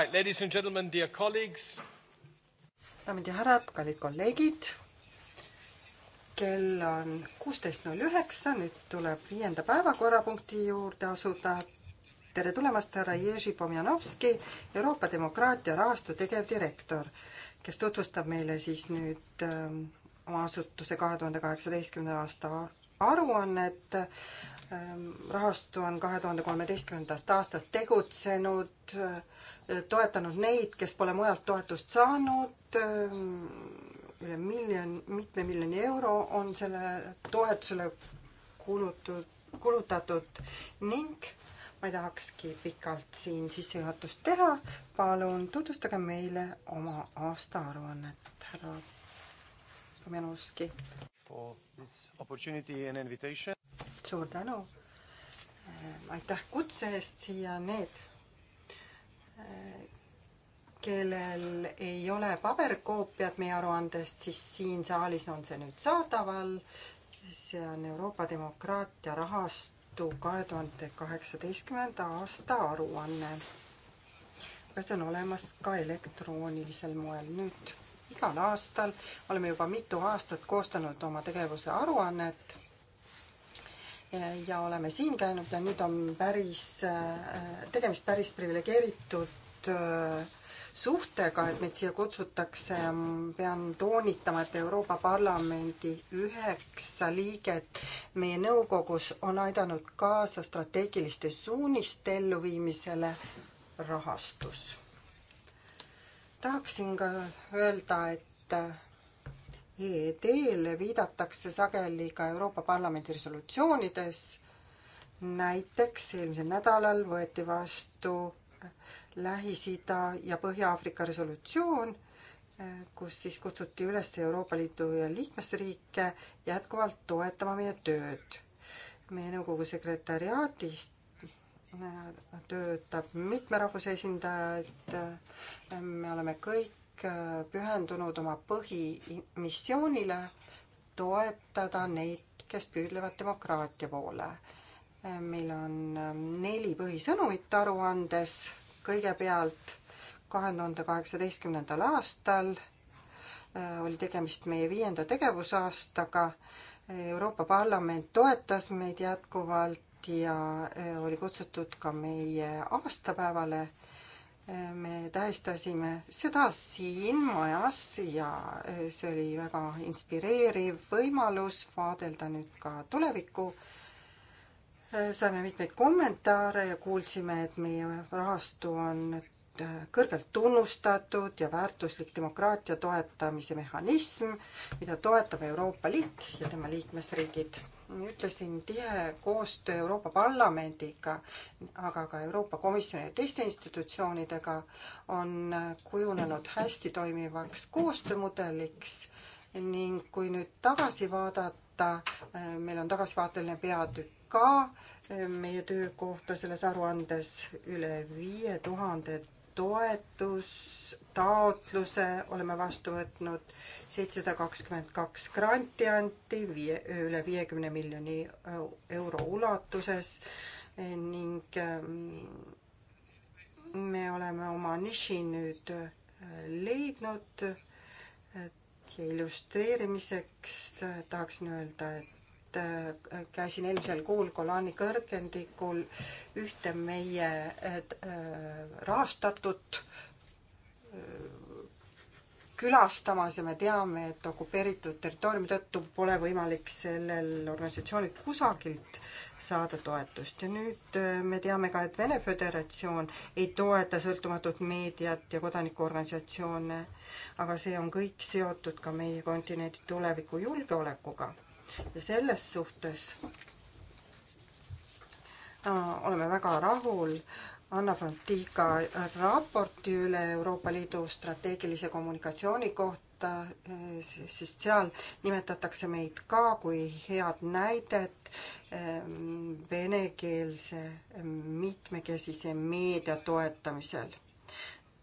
Right, ladies and gentlemen, dear colleagues. daamid ja härrad, kallid kolleegid. kell on kuusteist null üheksa, nüüd tuleb viienda päevakorrapunkti juurde asuda. tere tulemast, härra Jerzy Pomjanovski, Euroopa demokraatia rahastu tegevdirektor, kes tutvustab meile siis nüüd öö, ähm, oma asutuse kahe tuhande kaheksateistkümnenda aasta aruannet. Ehm, rahastu on kahe tuhande kolmeteistkümnendast aastast tegutsenud, eh, toetanud neid, kes pole mujalt toetust saanud, ehm, üle miljon, mitme miljoni euro on sellele toetusele kulutud, kulutatud ning ma ei tahakski pikalt siin sissejuhatust teha, palun tutvustage meile oma aastaaruannet, härra Pomenovski. For this opportunity and invitation suur tänu. aitäh kutse eest siia, need, kellel ei ole paberkoopiat meie aruandest, siis siin saalis on see nüüd saadaval. see on Euroopa demokraatia rahastu kahe tuhande kaheksateistkümnenda aasta aruanne. aga see on olemas ka elektroonilisel moel nüüd igal aastal oleme juba mitu aastat koostanud oma tegevuse aruannet ja oleme siin käinud ja nüüd on päris, tegemist päris priviligeeritud äh, suhtega, et meid siia kutsutakse, pean toonitama, et Euroopa Parlamendi üheksa liiget meie nõukogus on aidanud kaasa strateegiliste suuniste elluviimisele rahastus. tahaksin ka öelda, et EED-le viidatakse sageli ka Euroopa Parlamendi resolutsioonides. näiteks eelmisel nädalal võeti vastu Lähis-Ida ja Põhja-Aafrika resolutsioon, kus siis kutsuti üles Euroopa Liidu ja liikmesriike jätkuvalt toetama meie tööd. meie nõukogu sekretäriaadis äh, töötab mitme rahvuse esindajaid, me oleme kõik Äh, pühendunud oma põhimissioonile toetada neid, kes püüdlevad demokraatia poole. Äh, meil on äh, neli põhisõnumit aruandes, kõigepealt kahe tuhande kaheksateistkümnendal aastal oli tegemist meie viienda tegevusaastaga, Euroopa Parlament toetas meid jätkuvalt ja oli kutsutud ka meie aastapäevale me tähistasime seda siin majas ja eh, see oli väga inspireeriv võimalus vaadelda nüüd ka tulevikku. Eh, saime mitmeid kommentaare ja kuulsime, et meie rahastu on eh, kõrgelt tunnustatud ja väärtuslik demokraatia toetamise mehhanism, mida toetab Euroopa Liit ja tema liikmesriigid ütlesin, tihe koostöö Euroopa Parlamendiga, aga ka Euroopa Komisjoni ja teiste institutsioonidega on kujunenud hästi toimivaks koostöömudeliks ning kui nüüd tagasi vaadata, meil on tagasivaateline peatükk ka eh, meie töökohta selles aruandes üle viie tuhande toetustaotluse oleme vastu võtnud, seitsesada kakskümmend kaks granti anti viie, üle viiekümne miljoni äh, euro ulatuses äh, ning ähm, me oleme oma niši nüüd äh, leidnud ja illustreerimiseks tahaksin öelda, et Äh, käisin eelmisel kuul Golani kõrgendikul ühte meie äh, rahastatud äh, külastamas ja me teame, et okupeeritud territooriumi tõttu pole võimalik sellel organisatsioonil kusagilt saada toetust ja nüüd me teame ka, et Vene Föderatsioon ei toeta sõltumatut meediat ja kodanikuorganisatsioone, aga see on kõik seotud ka meie kontinendi tuleviku julgeolekuga ja selles suhtes no, äh, oleme väga rahul Anna Fantiga äh, raporti üle Euroopa Liidu strateegilise kommunikatsiooni kohta, äh, sest seal nimetatakse meid ka kui head näidet ähm, venekeelse mitmekesise meedia toetamisel.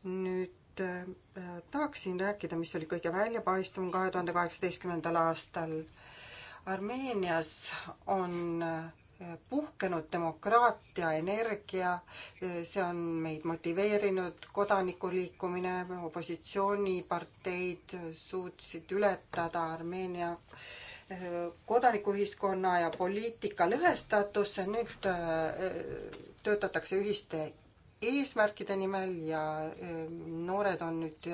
nüüd tahaksin rääkida, mis oli kõige väljapaistvam kahe tuhande kaheksateistkümnendal aastal Armeenias on eh, puhkenud demokraatia energia, eh, see on meid motiveerinud, kodanikuliikumine, opositsiooniparteid suutsid ületada Armeenia eh, kodanikuühiskonna ja poliitika lõhestatusse, nüüd töötatakse ühiste eesmärkide nimel ja noored on nüüd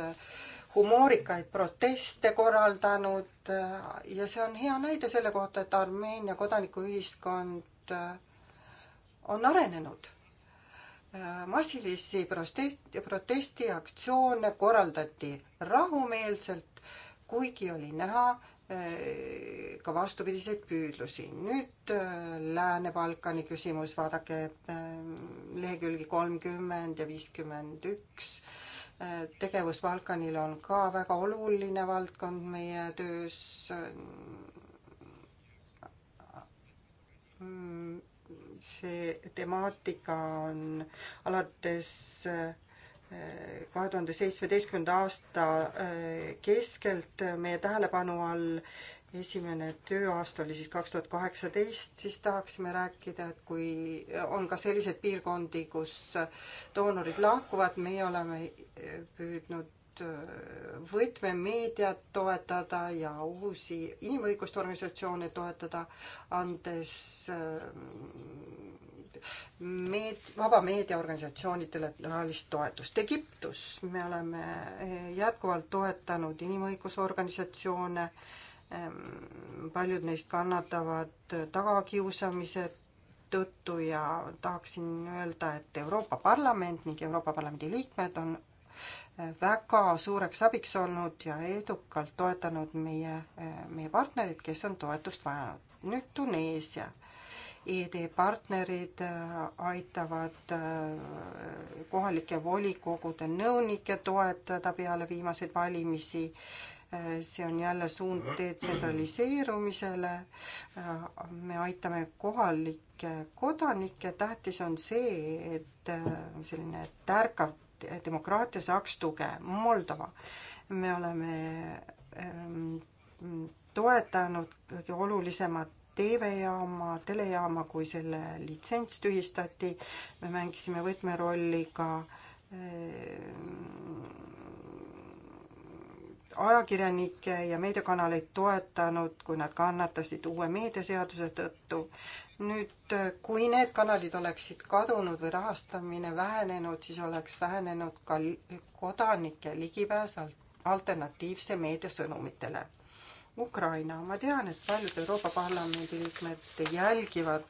humoorikaid proteste korraldanud äh, ja see on hea näide selle kohta, et Armeenia kodanikuühiskond äh, on arenenud. Äh, massilisi protesti, protestiaktsioone korraldati rahumeelselt, kuigi oli näha ka vastupidiseid püüdlusi. nüüd Lääne-Balkani küsimus, vaadake lehekülgi kolmkümmend ja viiskümmend üks tegevus Balkanil on ka väga oluline valdkond meie töös. see temaatika on alates eh, kahe tuhande seitsmeteistkümnenda aasta eh, keskelt meie tähelepanu all esimene tööaasta oli siis kaks tuhat kaheksateist, siis tahaksime rääkida, et kui on ka selliseid piirkondi, kus doonorid lahkuvad, meie oleme eh, püüdnud eh, võtmemeediat toetada ja uusi inimõiguste organisatsioone toetada, andes eh, meed-, vaba meediaorganisatsioonidele rahalist toetust. Egiptus me oleme jätkuvalt toetanud inimõigusorganisatsioone äh, Ehm, paljud neist kannatavad tagakiusamise tõttu ja tahaksin öelda, et Euroopa Parlament ning Euroopa Parlamendi liikmed on eh, väga suureks abiks olnud ja edukalt toetanud meie, eh, meie partnerid, kes on toetust vajanud. nüüd Tuneesia. ED partnerid eh, aitavad kohalike volikogude nõunikke toetada peale viimaseid valimisi see on jälle suund detsentraliseerumisele. me aitame kohalikke kodanikke, tähtis on see, et selline tärkav demokraatia saaks tuge. Moldova, me oleme ehm, toetanud olulisemat TV-jaama, telejaama, kui selle litsents tühistati, me mängisime võtmerolli ka ehm, ajakirjanikke ja meediakanaleid toetanud, kui nad kannatasid uue meediaseaduse tõttu. nüüd, kui need kanalid oleksid kadunud või rahastamine vähenenud, siis oleks vähenenud ka kodanike ligipääs alternatiivse meedia sõnumitele. Ukraina, ma tean, et paljud Euroopa Parlamendi liikmed jälgivad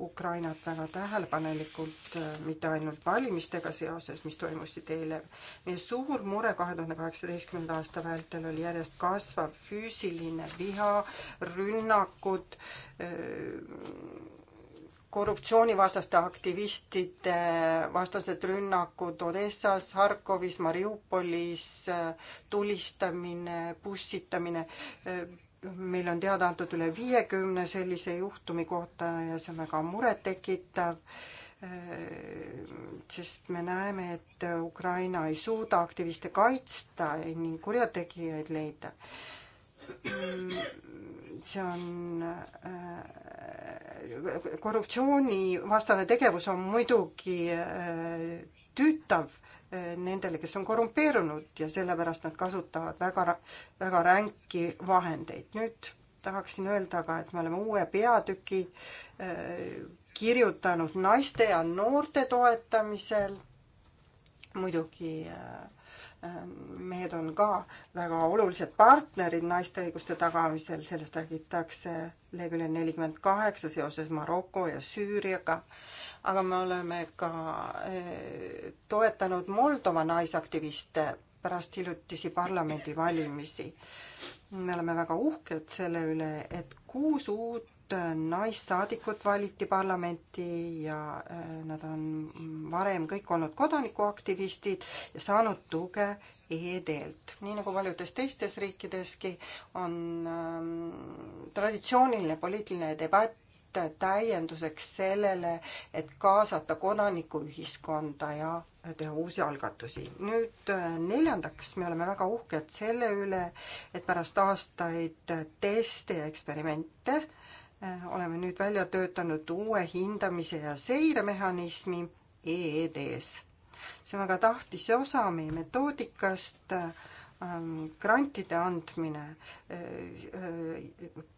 Ukrainat väga tähelepanelikult, äh, mitte ainult valimistega seoses, mis toimusid eile. meie suur mure kahe tuhande kaheksateistkümnenda aasta vältel oli järjest kasvav füüsiline viha, rünnakud, äh, korruptsioonivastaste aktivistide vastased rünnakud Odessas, Harkovis, Mariupolis, äh, tulistamine, pussitamine meil on teada antud üle viiekümne sellise juhtumi kohta ja see on väga murettekitav, eh, sest me näeme, et Ukraina ei suuda aktiviste kaitsta ning kurjategijaid leida. see on, eh, korruptsioonivastane tegevus on muidugi eh, tüütav nendele, kes on korrumpeerunud ja sellepärast nad kasutavad väga, väga ränki vahendeid. nüüd tahaksin öelda ka, et me oleme uue peatüki äh, kirjutanud naiste ja noorte toetamisel. muidugi äh, äh, mehed on ka väga olulised partnerid naiste õiguste tagamisel, sellest räägitakse leheküljel nelikümmend kaheksa seoses Maroko ja Süüriaga aga me oleme ka eh, toetanud Moldova naisaktiviste pärast hiljutisi parlamendivalimisi. me oleme väga uhked selle üle, et kuus uut naissaadikut valiti parlamenti ja eh, nad on varem kõik olnud kodanikuaktivistid ja saanud tuge ED-lt. nii nagu paljudes teistes riikideski, on ähm, traditsiooniline poliitiline debatt täienduseks sellele, et kaasata kodanikuühiskonda ja teha uusi algatusi. nüüd äh, neljandaks, me oleme väga uhked selle üle, et pärast aastaid teste ja eksperimente äh, oleme nüüd välja töötanud uue hindamise ja seiremehhanismi EED-s. see on väga tahtis osa meie metoodikast äh, Ähm, grantide andmine, äh, äh,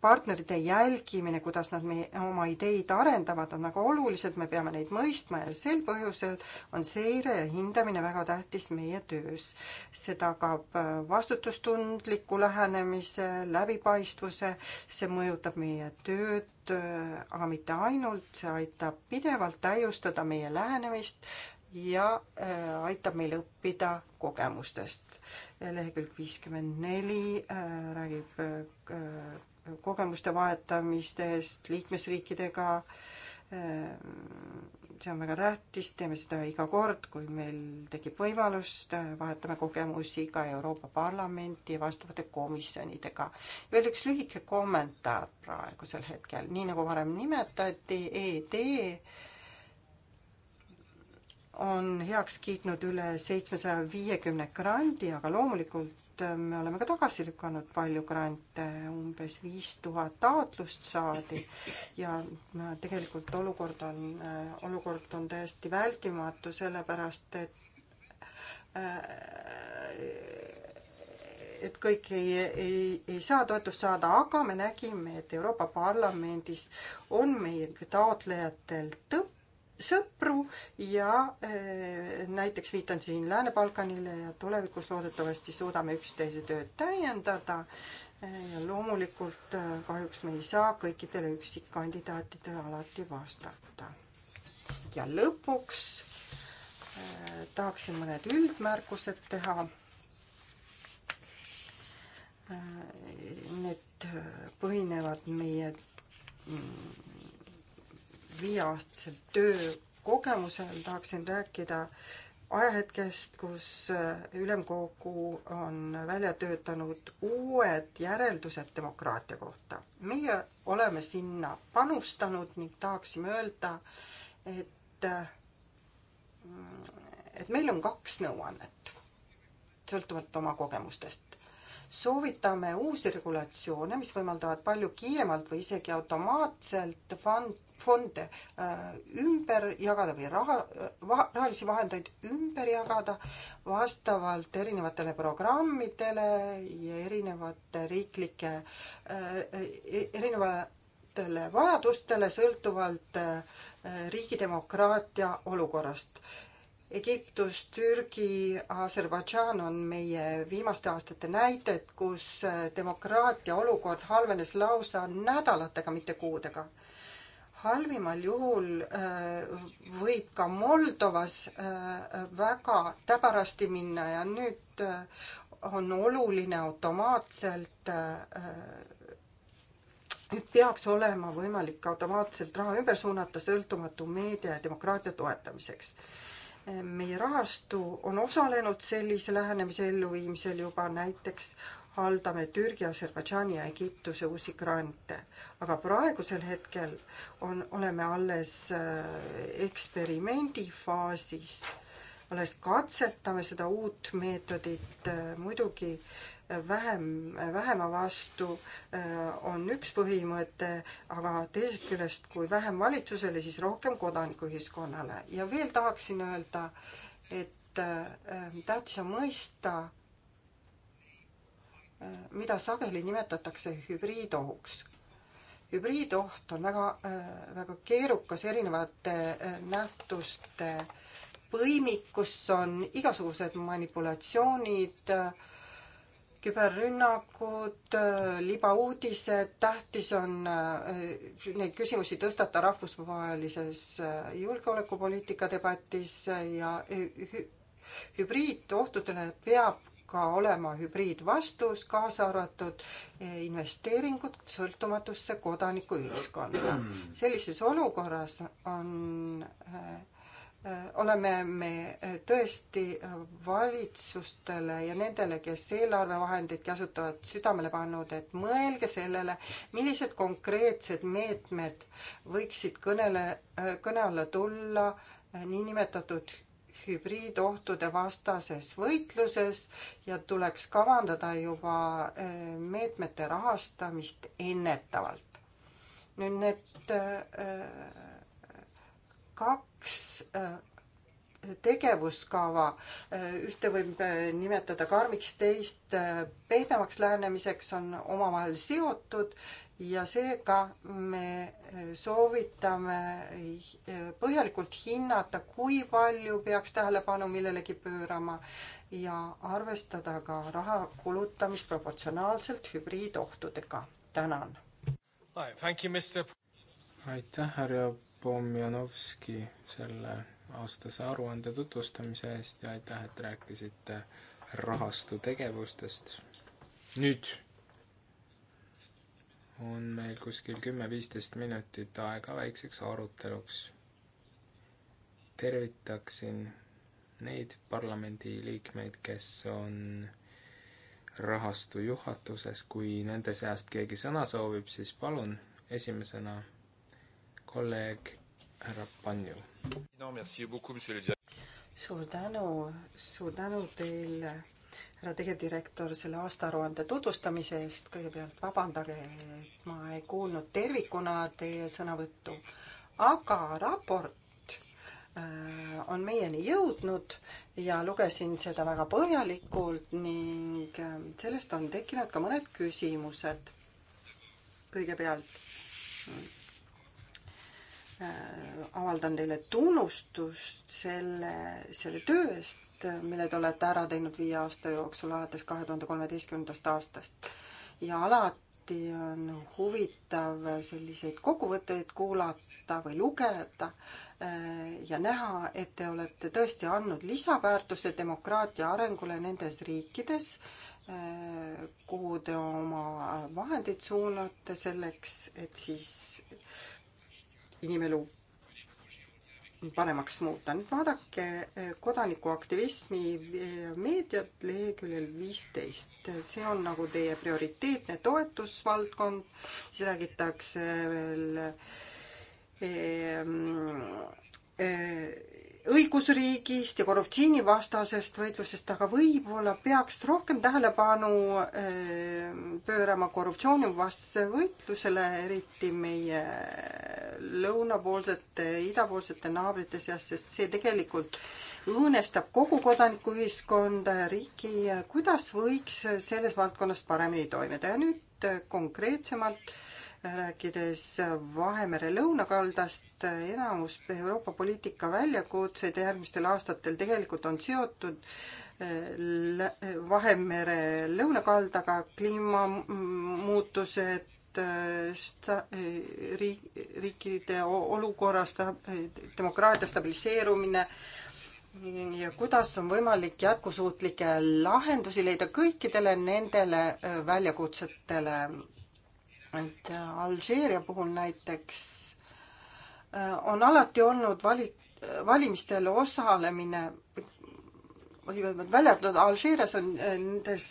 partnerite jälgimine, kuidas nad meie, oma ideid arendavad, on väga olulised, me peame neid mõistma ja sel põhjusel on seire ja hindamine väga tähtis meie töös. see tagab äh, vastutustundliku lähenemise, läbipaistvuse, see mõjutab meie tööd, aga mitte ainult, see aitab pidevalt täiustada meie lähenemist, ja äh, aitab meil õppida kogemustest. lehekülg viiskümmend neli äh, räägib äh, kogemuste vahetamistest liikmesriikidega. see on väga tähtis, teeme seda iga kord, kui meil tekib võimalus, vahetame kogemusi ka Euroopa Parlamenti vastavate komisjonidega. veel üks lühike kommentaar praegusel hetkel, nii nagu varem nimetati e, ED on heaks kiitnud üle seitsmesaja viiekümne grandi, aga loomulikult äh, me oleme ka tagasi lükanud palju grante, umbes viis tuhat taotlust saadi ja tegelikult olukord on, äh, olukord on täiesti vältimatu, sellepärast et äh, et kõik ei, ei, ei saa toetust saada, aga me nägime, et Euroopa Parlamendis on meie taotlejatel tõpp, sõpru ja eh, näiteks viitan siin Lääne-Balkanile ja tulevikus loodetavasti suudame üksteise tööd täiendada. Eh, ja loomulikult eh, kahjuks me ei saa kõikidele üksikkandidaatidele alati vastata. ja lõpuks tahaksin mõned üldmärkused teha. Need põhinevad meie mm, viieaastase töökogemusel tahaksin rääkida ajahetkest, kus äh, ülemkogu on välja töötanud uued järeldused demokraatia kohta. meie oleme sinna panustanud ning tahaksime öelda, et, äh, et meil on kaks nõuannet, sõltuvalt oma kogemustest. soovitame uusi regulatsioone, mis võimaldavad palju kiiremalt või isegi automaatselt fond fonde äh, ümber jagada või raha, rahalisi vahendeid ümber jagada vastavalt erinevatele programmidele ja erinevate riiklike, äh, e-, erinevatele vajadustele sõltuvalt äh, riigi demokraatia olukorrast Egiptus, Türgi, Aserbaidžaan on meie viimaste aastate näited, kus demokraatia olukord halvenes lausa nädalatega, mitte kuudega halvimal juhul äh, võib ka Moldovas äh, väga täbarasti minna ja nüüd äh, on oluline automaatselt, nüüd peaks olema võimalik automaatselt raha ümber suunata sõltumatu meedia ja demokraatia toetamiseks meie rahastu on osalenud sellise lähenemise elluviimisel juba näiteks haldame Türgi, Aserbaidžaani ja Egiptuse uusi grante. aga praegusel hetkel on, oleme alles äh, eksperimendifaasis, alles katsetame seda uut meetodit, äh, muidugi äh, vähem, vähema vastu on üks põhimõte, aga teisest küljest, kui vähem valitsusele, siis rohkem kodanikuühiskonnale. ja veel tahaksin öelda, et tähtis on mõista, mida sageli nimetatakse hübriidohuks. hübriidoht on väga, äh, väga keerukas erinevate äh, nähtuste põimik, kus on igasugused manipulatsioonid, äh, küberrünnakud, libauudised, tähtis on neid küsimusi tõstata rahvusvahelises julgeolekupoliitika debatis ja hübriidohtudele peab ka olema hübriidvastus, kaasa arvatud eh, investeeringud sõltumatusse kodanikuühiskonda. sellises olukorras on eh, eh, oleme me tõesti valitsustele ja nendele, kes eelarvevahendeid käsutavad, südamele pannud, et mõelge sellele, millised konkreetsed meetmed võiksid kõnele, kõne alla tulla niinimetatud hübriidohtude vastases võitluses ja tuleks kavandada juba eh, meetmete rahastamist ennetavalt. nüüd need eh, kaks eh, tegevuskava, ühte võib nimetada karmiks, teist pehmemaks lähenemiseks, on omavahel seotud ja seega me eh, soovitame eh, põhjalikult hinnata, kui palju peaks tähelepanu millelegi pöörama ja arvestada ka raha kulutamist proportsionaalselt hübriidohtudega. tänan. aitäh, härra Pomjanovski selle aastase aruande tutvustamise eest ja aitäh, et rääkisite rahastu tegevustest. nüüd on meil kuskil kümme-viisteist minutit aega väikseks aruteluks. tervitaksin neid parlamendiliikmeid, kes on rahastu juhatuses, kui nende seast keegi sõna soovib, siis palun, esimesena kolleeg härra Panju. suur tänu, suur tänu teile härra tegevdirektor, selle aastaaruande tutvustamise eest. kõigepealt vabandage, et ma ei kuulnud tervikuna teie sõnavõttu, aga raport äh, on meieni jõudnud ja lugesin seda väga põhjalikult ning äh, sellest on tekkinud ka mõned küsimused. kõigepealt äh, avaldan teile tunnustust selle, selle töö eest, Äh, mille te olete ära teinud viie aasta jooksul alates kahe tuhande kolmeteistkümnendast aastast. ja alati on huvitav selliseid kokkuvõtteid kuulata või lugeda äh, ja näha, et te olete tõesti andnud lisaväärtuse demokraatia arengule nendes riikides, äh, kuhu te oma vahendeid suunate selleks, et siis inimelu paremaks muuta. nüüd vaadake eh, kodanikuaktivismi eh, meediat leheküljel viisteist. see on nagu teie prioriteetne toetusvaldkond, siis räägitakse veel eh, mm, eh, õigusriigist ja korruptsioonivastasest võitlusest, aga võib-olla peaks rohkem tähelepanu eh, pöörama korruptsioonivastasele võitlusele, eriti meie lõunapoolsete, idapoolsete naabrite seas, sest see tegelikult õõnestab kogu kodanikuühiskonda ja riiki. kuidas võiks selles valdkonnas paremini toimida ja nüüd eh, konkreetsemalt rääkides Vahemere lõunakaldast, enamus Euroopa poliitika väljakutseid järgmistel aastatel tegelikult on seotud Vahemere lõunakaldaga, kliimamuutused, sta-, riik, riikide olukorra sta-, demokraatia stabiliseerumine ja kuidas on võimalik jätkusuutlikke lahendusi leida kõikidele nendele väljakutsetele et äh, Alžeeria puhul näiteks äh, on alati olnud vali-, valimistel osalemine välja arvatud Alžeerias on äh, nendes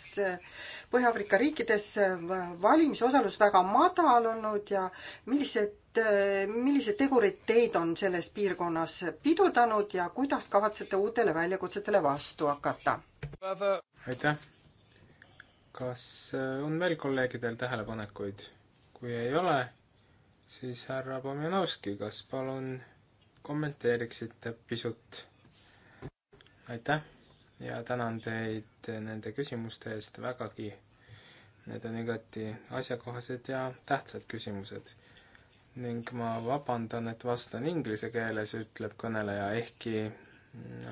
Põhja-Aafrika riikides valimisosalus väga madal olnud ja millised, millised tegurid teid on selles piirkonnas pidurdanud ja kuidas kavatsete uutele väljakutsetele vastu hakata? aitäh! kas on veel kolleegidel tähelepanekuid? kui ei ole, siis härra Pomjanovski, kas palun kommenteeriksite pisut? aitäh ja tänan teid nende küsimuste eest vägagi. Need on igati asjakohased ja tähtsad küsimused. ning ma vabandan, et vastan inglise keeles, ütleb kõneleja, ehkki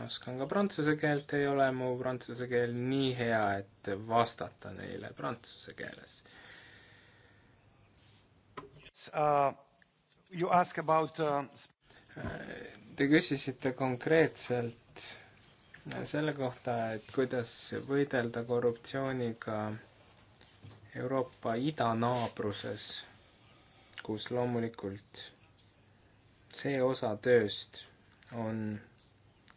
oskan ka prantsuse keelt, ei ole mu prantsuse keel nii hea, et vastata neile prantsuse keeles Uh, you ask about uh, Te küsisite konkreetselt selle kohta, et kuidas võidelda korruptsiooniga Euroopa idanaabruses, kus loomulikult see osa tööst on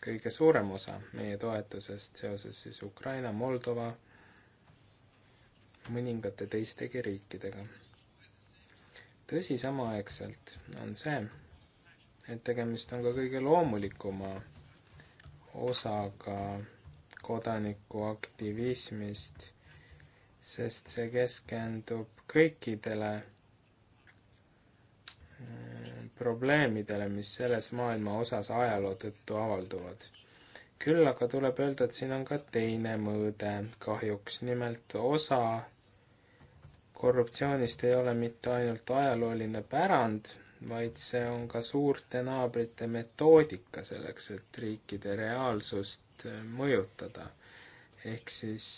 kõige suurem osa meie toetusest seoses siis Ukraina, Moldova, mõningate teistegi riikidega tõsi, samaaegselt on see, et tegemist on ka kõige loomulikuma osaga kodanikuaktivismist, sest see keskendub kõikidele mm, probleemidele, mis selles maailma osas ajaloo tõttu avalduvad. küll aga tuleb öelda, et siin on ka teine mõõde kahjuks, nimelt osa korruptsioonist ei ole mitte ainult ajalooline pärand, vaid see on ka suurte naabrite metoodika selleks, et riikide reaalsust eh, mõjutada. ehk siis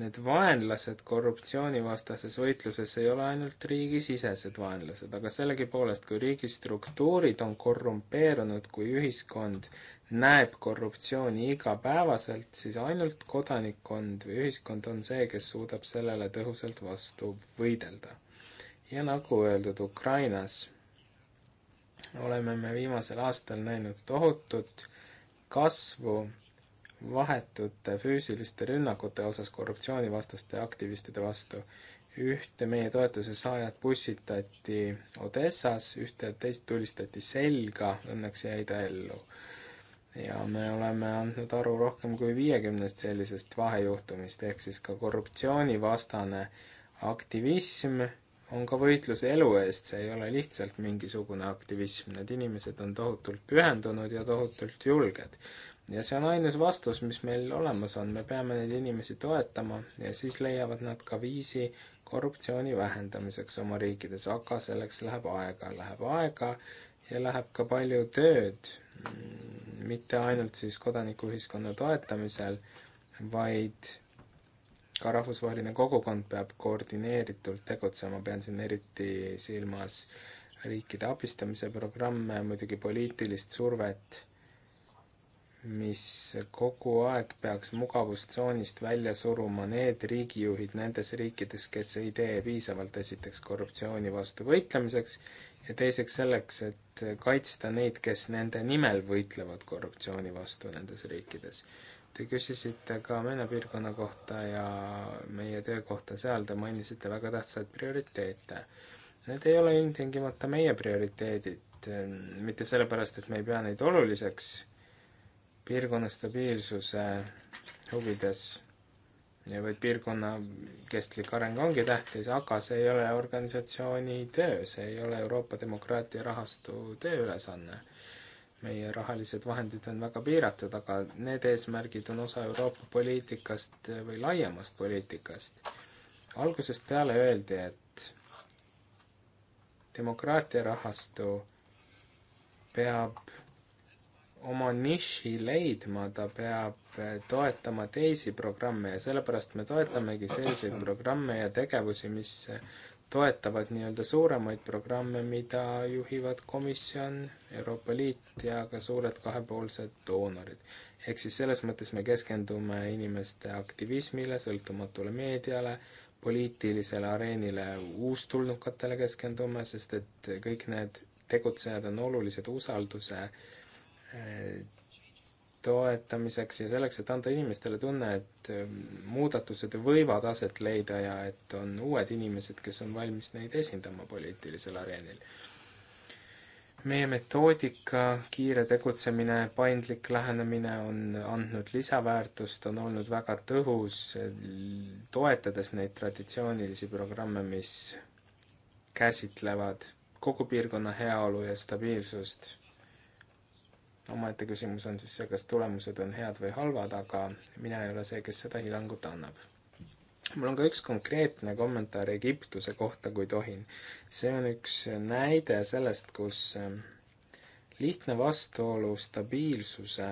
need vaenlased korruptsioonivastases võitluses ei ole ainult riigisisesed vaenlased, aga sellegipoolest, kui riigistruktuurid on korrumpeerunud, kui ühiskond näeb korruptsiooni igapäevaselt, siis ainult kodanikkond või ühiskond on see, kes suudab sellele tõhusalt vastu võidelda. ja nagu öeldud, Ukrainas oleme me viimasel aastal näinud tohutut kasvu vahetute füüsiliste rünnakute osas korruptsioonivastaste aktivistide vastu. ühte meie toetuse saajat pussitati Odessas, ühte teist tulistati selga, õnneks jäi ta ellu. ja me oleme andnud aru rohkem kui viiekümnest sellisest vahejuhtumist, ehk siis ka korruptsioonivastane aktivism on ka võitlus elu eest, see ei ole lihtsalt mingisugune aktivism, need inimesed on tohutult pühendunud ja tohutult julged ja see on ainus vastus, mis meil olemas on, me peame neid inimesi toetama ja siis leiavad nad ka viisi korruptsiooni vähendamiseks oma riikides, aga selleks läheb aega, läheb aega ja läheb ka palju tööd, mm, mitte ainult siis kodanikuühiskonna toetamisel, vaid ka rahvusvaheline kogukond peab koordineeritult tegutsema, pean siin eriti silmas riikide abistamise programme, muidugi poliitilist survet mis kogu aeg peaks mugavustsoonist välja suruma need riigijuhid nendes riikides, kes ei tee piisavalt esiteks korruptsiooni vastu võitlemiseks ja teiseks selleks, et kaitsta neid, kes nende nimel võitlevad korruptsiooni vastu nendes riikides. Te küsisite ka Vene piirkonna kohta ja meie töökohta seal, te mainisite väga tähtsaid prioriteete. Need ei ole ilmtingimata meie prioriteedid, mitte sellepärast, et me ei pea neid oluliseks piirkonna stabiilsuse huvides või piirkonna kestlik areng ongi tähtis, aga see ei ole organisatsiooni töö, see ei ole Euroopa demokraatia rahastu tööülesanne. meie rahalised vahendid on väga piiratud, aga need eesmärgid on osa Euroopa poliitikast või laiemast poliitikast. algusest peale öeldi, et demokraatia rahastu peab oma niši leidma, ta peab toetama teisi programme ja sellepärast me toetamegi selliseid programme ja tegevusi, mis toetavad nii-öelda suuremaid programme, mida juhivad komisjon, Euroopa Liit ja ka suured kahepoolsed doonorid. ehk siis selles mõttes me keskendume inimeste aktivismile, sõltumatule meediale, poliitilisele areenile uustulnukatele keskendume, sest et kõik need tegutsejad on olulised usalduse äh, toetamiseks ja selleks, et anda inimestele tunne, et ähm, muudatused võivad aset leida ja et on uued inimesed, kes on valmis neid esindama poliitilisel areenil. meie metoodika, kiire tegutsemine, paindlik lähenemine on andnud lisaväärtust, on olnud väga tõhus, toetades neid traditsioonilisi programme, mis käsitlevad kogu piirkonna heaolu ja stabiilsust omaette küsimus on siis see, kas tulemused on head või halvad, aga mina ei ole see, kes seda hinnangut annab. mul on ka üks konkreetne kommentaar Egiptuse kohta, kui tohin. see on üks näide sellest, kus ähm, lihtne vastuolu stabiilsuse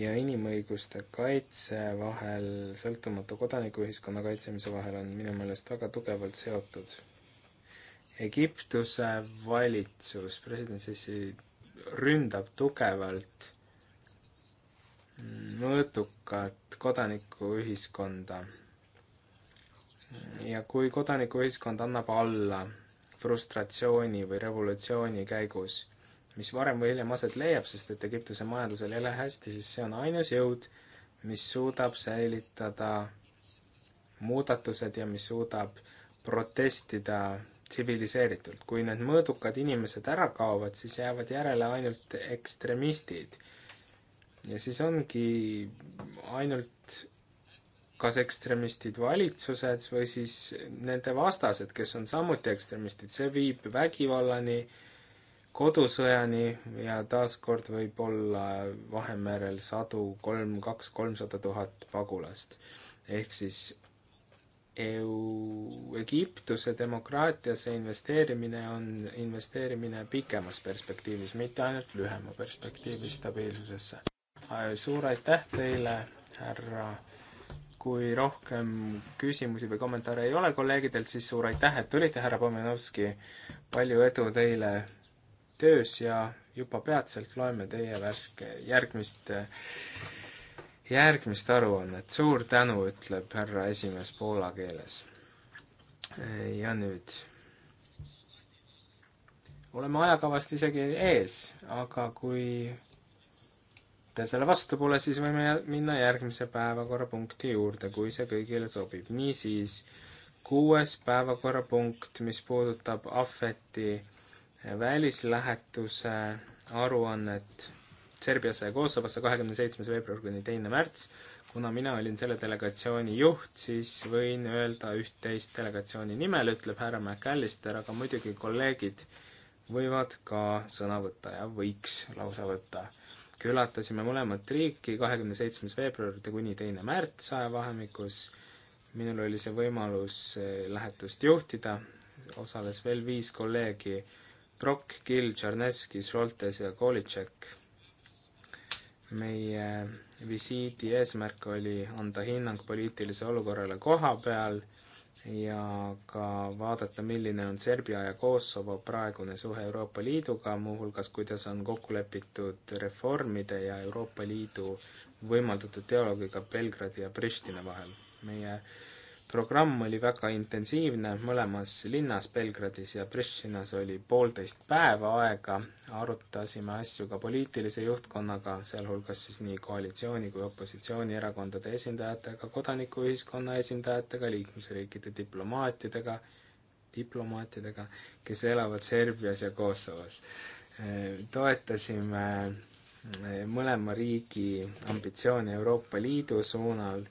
ja inimõiguste kaitse vahel, sõltumatu kodanikuühiskonna kaitsemise vahel on minu meelest väga tugevalt seotud. Egiptuse valitsus, president Sissi ründab tugevalt mõõdukat kodanikuühiskonda. ja kui kodanikuühiskond annab alla frustratsiooni või revolutsiooni käigus, mis varem või hiljem aset leiab, sest et Egiptuse majandusel ei lähe hästi, siis see on ainus jõud, mis suudab säilitada muudatused ja mis suudab protestida tsiviliseeritult. kui need mõõdukad inimesed ära kaovad, siis jäävad järele ainult ekstremistid. ja siis ongi ainult kas ekstremistid valitsused või siis nende vastased, kes on samuti ekstremistid, see viib vägivallani, kodusõjani ja taaskord võib olla Vahemerel sadu, kolm, kaks, kolmsada tuhat pagulast. ehk siis EU Egiptuse demokraatiasse investeerimine on investeerimine pikemas perspektiivis, mitte ainult lühema perspektiivi stabiilsusesse. suur aitäh teile, härra. kui rohkem küsimusi või kommentaare ei ole kolleegidelt, siis suur aitäh, et tulite, härra Pomenovski. palju edu teile töös ja juba peatselt loeme teie värske, järgmist järgmist aruannet, suur tänu, ütleb härra esimees poola keeles. ja nüüd? oleme ajakavast isegi ees, aga kui te selle vastu pole, siis võime minna järgmise päevakorrapunkti juurde, kui see kõigile sobib. niisiis, kuues päevakorrapunkt, mis puudutab Ahveti välislähetuse aruannet Serbiasse ja Kosovosse kahekümne seitsmes veebruar kuni teine märts. kuna mina olin selle delegatsiooni juht, siis võin öelda üht-teist delegatsiooni nimel, ütleb härra McAllister, aga muidugi kolleegid võivad ka sõna võtta ja võiks lausa võtta. külatasime mõlemat riiki kahekümne seitsmes veebruar kuni teine märts ajavahemikus. minul oli see võimalus eh, lähetust juhtida, osales veel viis kolleegi Brock, Gill, Tšarneski, Šoltes ja Kolitšek meie visiidi eesmärk oli anda hinnang poliitilisele olukorrale koha peal ja ka vaadata, milline on Serbia ja Kosovo praegune suhe Euroopa Liiduga, muuhulgas kuidas on kokku lepitud reformide ja Euroopa Liidu võimaldatud dialoogiga Belgradi ja Pristina vahel. meie programm oli väga intensiivne, mõlemas linnas, Belgradis ja Pristinas oli poolteist päeva aega, arutasime asju ka poliitilise juhtkonnaga, sealhulgas siis nii koalitsiooni kui opositsioonierakondade esindajatega, kodanikuühiskonna esindajatega, liikmesriikide diplomaatidega, diplomaatidega, kes elavad Serbias ja Kosovos. toetasime mõlema riigi ambitsioone Euroopa Liidu suunal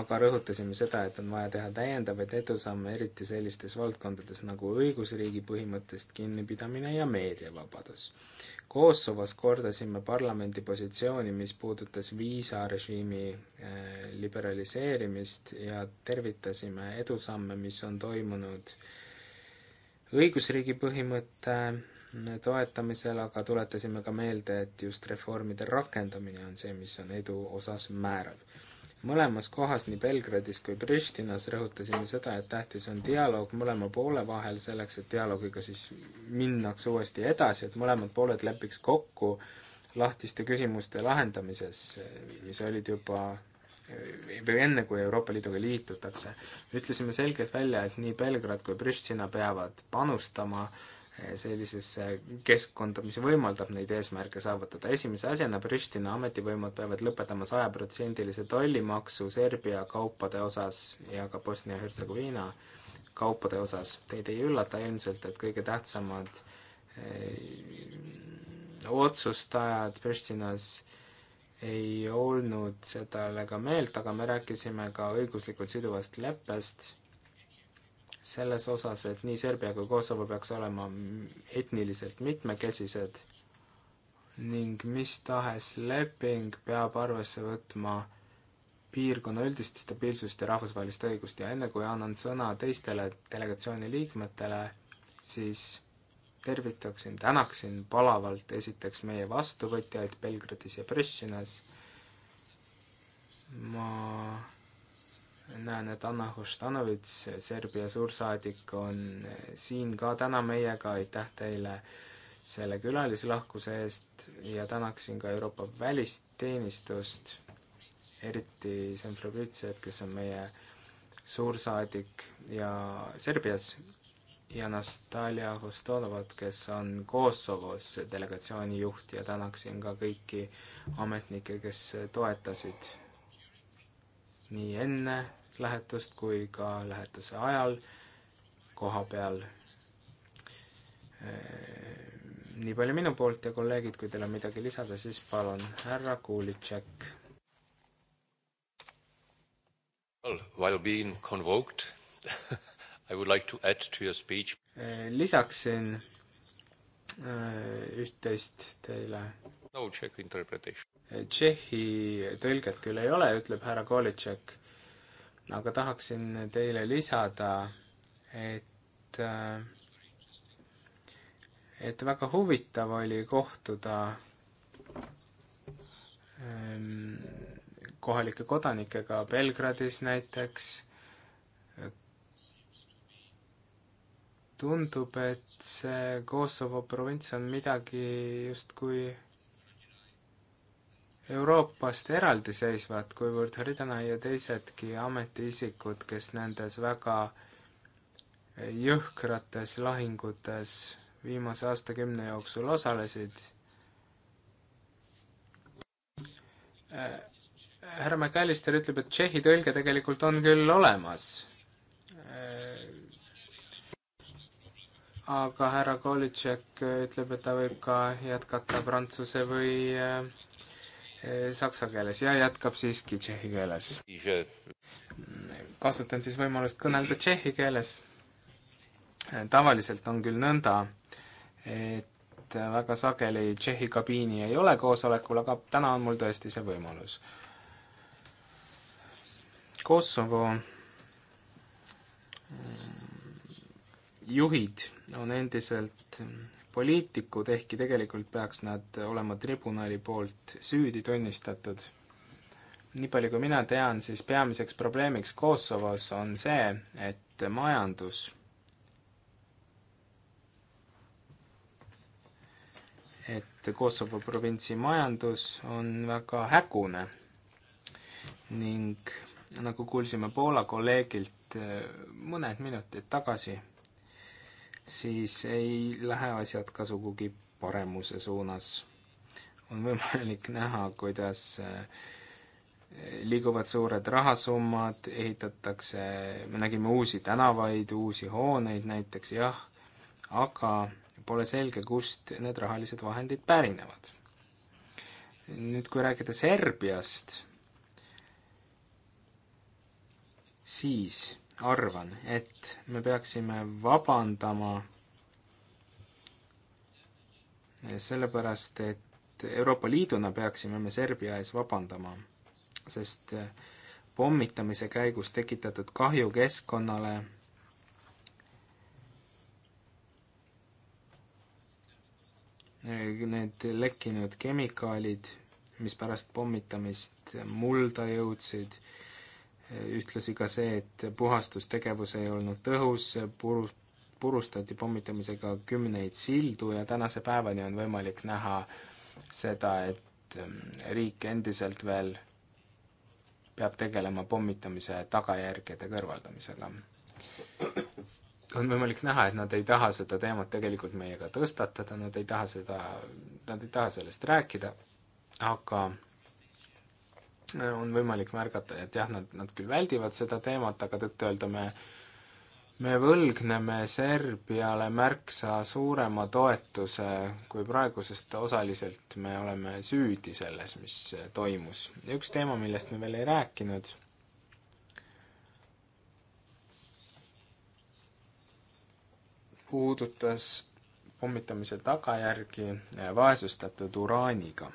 aga rõhutasime seda, et on vaja teha täiendavaid edusamme, eriti sellistes valdkondades nagu õigusriigi põhimõttest kinnipidamine ja meediavabadus. Kosovos kordasime parlamendi positsiooni, mis puudutas viisarežiimi äh, liberaliseerimist ja tervitasime edusamme, mis on toimunud õigusriigi põhimõtte äh, toetamisel, aga tuletasime ka meelde, et just reformide rakendamine on see, mis on edu osas määrav mõlemas kohas, nii Belgradis kui Pristinas, rõhutasime seda, et tähtis on dialoog mõlema poole vahel, selleks et dialoogiga siis minnakse uuesti edasi, et mõlemad pooled lepiks kokku lahtiste küsimuste lahendamises, mis olid juba või enne, kui Euroopa Liiduga liitutakse. ütlesime selgelt välja, et nii Belgrad kui Pristina peavad panustama äh, Äh, sellisesse keskkonda, mis võimaldab neid eesmärke saavutada. esimese asjana Pristina ametivõimud peavad lõpetama sajaprotsendilise tollimaksu Serbia kaupade osas ja ka Bosnia-Hertsegoviina kaupade osas. Teid ei üllata ilmselt, et kõige tähtsamad äh, otsustajad Pristinas ei olnud seda ega meelt, aga me rääkisime ka õiguslikult siduvast leppest selles osas, et nii Serbia kui Kosovo peaks olema etniliselt mitmekesised ning mis tahes leping peab arvesse võtma piirkonna üldist stabiilsust ja rahvusvahelist õigust ja enne, kui annan sõna teistele delegatsiooni liikmetele, siis tervitaksin, tänaksin palavalt esiteks meie vastuvõtjaid Belgradis ja Brežinas, ma näen, et Anna Hustanovitš, Serbia suursaadik, on eh, siin ka täna meiega, aitäh teile selle külalislahkuse eest ja tänaksin ka Euroopa välisteenistust, eriti Senfrobritset, kes on meie suursaadik ja Serbias, ja Nastalia Hostonovat, kes on Kosovos delegatsiooni juht ja tänaksin ka kõiki ametnikke, kes toetasid nii enne lähetust kui ka lähetuse ajal koha peal. nii palju minu poolt ja kolleegid, kui teil on midagi lisada, siis palun, härra Kulitšek. Well, while being convoked I would like to add to your speech. lisaksin üht-teist teile. No Czech interpretation. Tšehhi tõlget küll ei ole, ütleb härra Kolitšek, aga tahaksin teile lisada, et, äh, et väga huvitav oli kohtuda ähm, kohalike kodanikega Belgradis näiteks. tundub, et see Kosovo provints on midagi justkui Euroopast eraldiseisvad, kuivõrd Hridana ja teisedki ametiisikud, kes nendes väga jõhkrates lahingutes viimase aastakümne jooksul osalesid. härra McAllister ütleb, et Tšehhi tõlge tegelikult on küll olemas aga härra Kolitšek ütleb, et ta võib ka jätkata prantsuse või äh, Eh, saksa keeles ja jätkab siiski tšehhi keeles. kasutan siis võimalust kõnelda tšehhi keeles. Eh, tavaliselt on küll nõnda, et väga sageli tšehhi kabiini ei ole koosolekul, aga täna on mul tõesti see võimalus. Kosovo mm, juhid on endiselt mm, poliitikud, ehkki tegelikult peaks nad olema tribunali poolt süüdi tunnistatud. nii palju, kui mina tean, siis peamiseks probleemiks Kosovos on see, et majandus et Kosovo provintsi majandus on väga hägune ning nagu kuulsime Poola kolleegilt eh, mõned minutid tagasi siis ei lähe asjad ka sugugi paremuse suunas. on võimalik näha, kuidas eh, liiguvad suured rahasummad, ehitatakse, me nägime uusi tänavaid, uusi hooneid näiteks, jah, aga pole selge, kust need rahalised vahendid pärinevad. nüüd, kui rääkida Serbiast, siis arvan, et me peaksime vabandama sellepärast, et Euroopa Liiduna peaksime me Serbia ees vabandama, sest pommitamise käigus tekitatud kahju keskkonnale need lekkinud kemikaalid, mis pärast pommitamist mulda jõudsid, ühtlasi ka see, et puhastustegevus ei olnud tõhus, purus, purustati pommitamisega kümneid sildu ja tänase päevani on võimalik näha seda, et mm, riik endiselt veel peab tegelema pommitamise tagajärgede kõrvaldamisega. on võimalik näha, et nad ei taha seda teemat tegelikult meiega tõstatada, nad ei taha seda, nad ei taha sellest rääkida, aga on võimalik märgata, et jah, nad, nad küll väldivad seda teemat, aga tõtt-öelda me me võlgneme Serbiale märksa suurema toetuse kui praegu, sest osaliselt me oleme süüdi selles, mis toimus. ja üks teema, millest me veel ei rääkinud, puudutas pommitamise tagajärgi vaesustatud uraaniga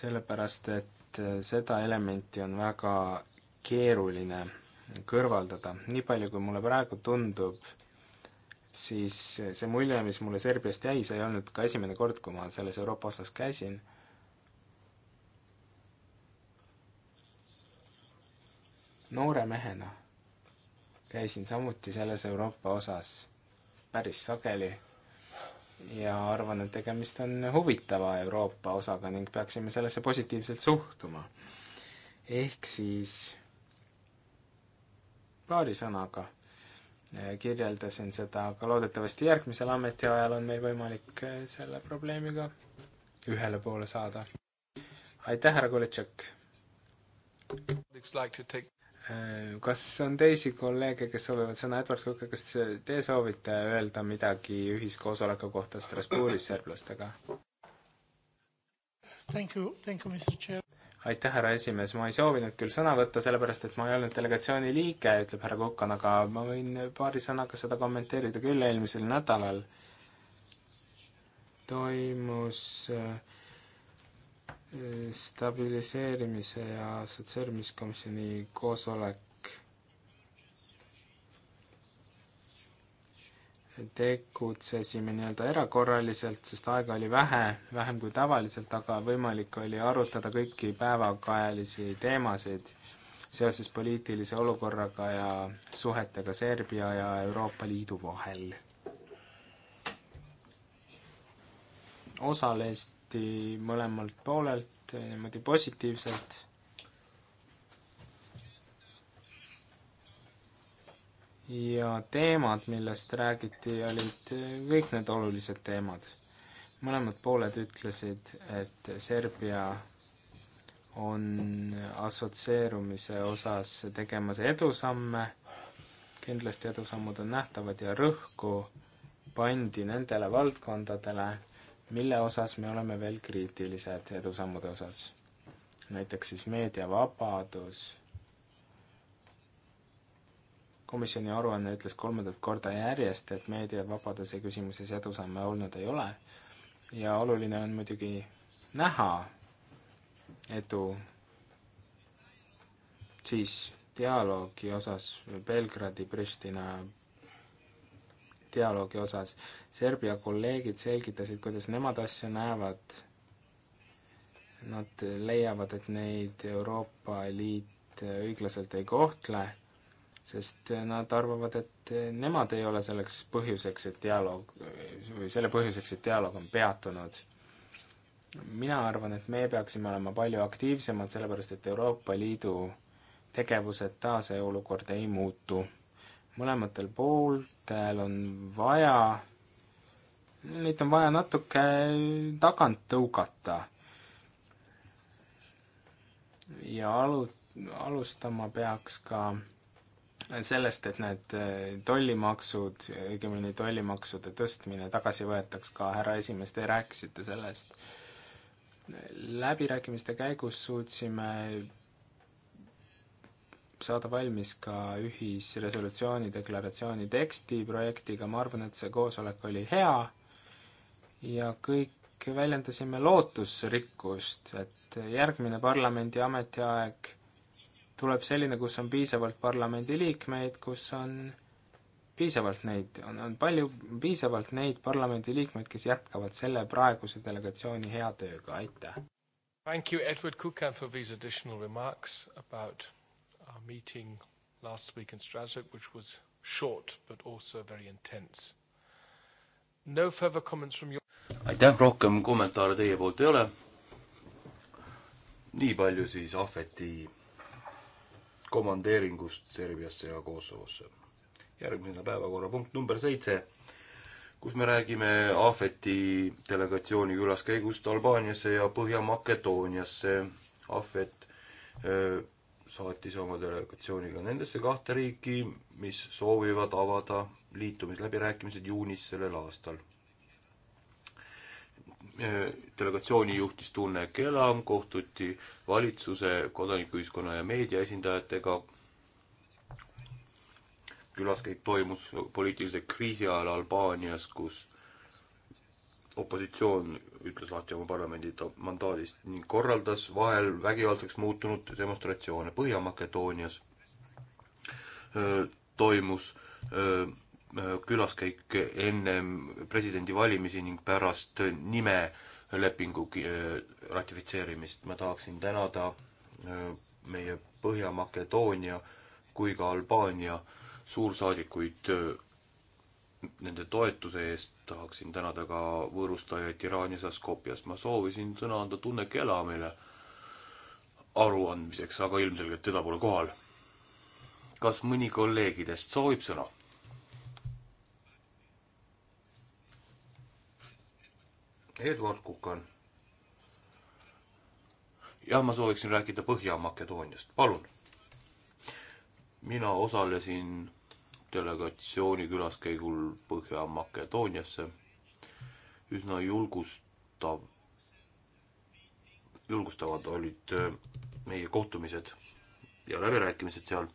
sellepärast et äh, seda elementi on väga keeruline kõrvaldada. nii palju, kui mulle praegu tundub, siis see mulje, mis mulle Serbiast jäi, see ei olnud ka esimene kord, kui ma selles Euroopa osas käisin, noore mehena käisin samuti selles Euroopa osas päris sageli ja arvan, et tegemist on huvitava Euroopa osaga ning peaksime sellesse positiivselt suhtuma. ehk siis paari sõnaga eh, kirjeldasin seda, aga loodetavasti järgmisel ametiajal on meil võimalik eh, selle probleemiga ühele poole saada. aitäh, härra Kolitšek! Äh, kas on teisi kolleege, kes soovivad sõna, Edward Kuka, kas te soovite öelda midagi ühiskoosoleku kohta Strasbourgis serblastega? aitäh, härra esimees, ma ei soovinud küll sõna võtta, sellepärast et ma ei olnud delegatsiooni liige, ütleb härra Kukan, aga ma võin paari sõnaga seda kommenteerida küll, eelmisel nädalal toimus äh, stabiliseerimise ja assotsieerimiskomisjoni koosolek tegutsesime nii-öelda erakorraliselt, sest aega oli vähe, vähem kui tavaliselt, aga võimalik oli arutada kõiki päevakajalisi teemasid seoses poliitilise olukorraga ja suhetega Serbia ja Euroopa Liidu vahel. osales võeti mõlemalt poolelt niimoodi positiivselt. ja teemad, millest räägiti, olid kõik need olulised teemad. mõlemad pooled ütlesid, et Serbia on assotsieerumise osas tegemas edusamme, kindlasti edusammud on nähtavad ja rõhku pandi nendele valdkondadele mille osas me oleme veel kriitilised edusammude osas. näiteks siis meediavabadus. komisjoni aruanne ütles kolmandat korda järjest, et meediavabaduse küsimuses edusamme olnud ei ole ja oluline on muidugi näha edu siis dialoogi osas Belgradi, Pristina dialoogi osas. Serbia kolleegid selgitasid, kuidas nemad asja näevad. Nad leiavad, et neid Euroopa Liit õiglaselt ei kohtle, sest nad arvavad, et nemad ei ole selleks põhjuseks, et dialoog, või selle põhjuseks, et dialoog on peatunud mina arvan, et me peaksime olema palju aktiivsemad, sellepärast et Euroopa Liidu tegevused taas see olukord ei muutu. mõlematel pool liikmesriikidel on vaja, neid on vaja natuke tagant tõugata. ja alu-, alustama peaks ka sellest, et need eh, tollimaksud, õigemini tollimaksude tõstmine tagasi võetaks ka, härra esimees, te rääkisite sellest. läbirääkimiste käigus suutsime saada valmis ka ühisresolutsiooni deklaratsiooni teksti projektiga, ma arvan, et see koosolek oli hea ja kõik väljendasime lootusrikkust, et järgmine parlamendi ametiaeg tuleb selline, kus on piisavalt parlamendiliikmeid, kus on piisavalt neid, on, on palju, piisavalt neid parlamendiliikmeid, kes jätkavad selle praeguse delegatsiooni hea tööga, aitäh! Thank you, Edward Kukan, for these additional remarks about meeting last week in Strasbourg, which was short but also very intense. No further comments from you. aitäh, rohkem kommentaare teie poolt ei ole. nii palju siis Ahveti komandeeringust Serbiasse ja Kosovosse. järgmine päevakorrapunkt number seitse, kus me räägime Ahveti delegatsiooni külaskäigust Albaaniasse ja Põhja-Makedooniasse. Ahvet öö, saatis oma delegatsiooniga nendesse kahte riiki, mis soovivad avada liitumisläbirääkimised juunis sellel aastal. delegatsiooni juhtis Tunne Kelam, kohtuti valitsuse, kodanikuühiskonna ja meedia esindajatega. külaskäik toimus poliitilise kriisi ajal Albaanias, kus opositsioon ütles lahti oma parlamendi mandaadist ning korraldas vahel vägivaldseks muutunud demonstratsioone. Põhja-Makedoonias toimus öö, külaskäik ennem presidendivalimisi ning pärast nimelepingu ratifitseerimist. ma tahaksin tänada meie Põhja-Makedoonia kui ka Albaania suursaadikuid nende toetuse eest tahaksin tänada ka võõrustajaid Iraanias ja Skopjas. ma soovisin sõna anda Tunne Kelamile aruandmiseks, aga ilmselgelt teda pole kohal. kas mõni kolleegidest soovib sõna? Edward Kukan. jah, ma sooviksin rääkida Põhja-Makedooniast, palun. mina osalesin delegatsiooni külaskäigul Põhja-Makedooniasse. üsna julgustav, julgustavad olid äh, meie kohtumised ja läbirääkimised seal.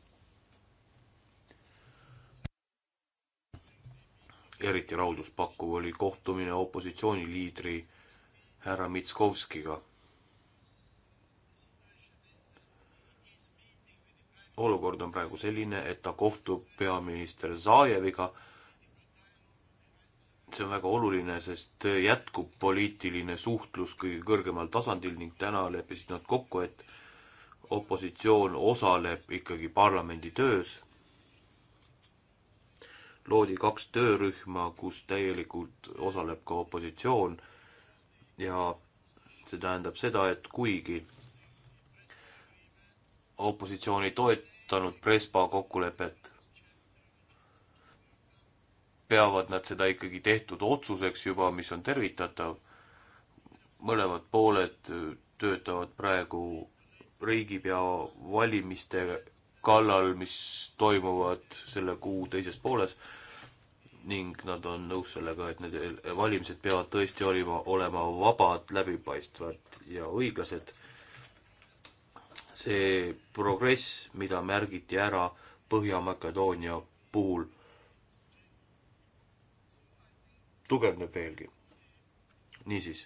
eriti rahulduspakkuv oli kohtumine opositsiooniliidri härra Mitskovskiga olukord on praegu selline, et ta kohtub peaminister Zajeviga. see on väga oluline, sest jätkub poliitiline suhtlus kõige kõrgemal tasandil ning täna leppisid nad kokku, et opositsioon osaleb ikkagi parlamendi töös. loodi kaks töörühma, kus täielikult osaleb ka opositsioon ja see tähendab seda, et kuigi opositsiooni toet-, arutanud Prespa kokkulepet, peavad nad seda ikkagi tehtud otsuseks juba, mis on tervitatav. mõlemad pooled töötavad praegu riigipea valimiste kallal, mis toimuvad selle kuu teises pooles ning nad on nõus sellega, et need valimised peavad tõesti olima, olema vabad, läbipaistvad ja õiglased see progress, mida märgiti ära Põhja-Makedoonia puhul, tugevneb veelgi. niisiis,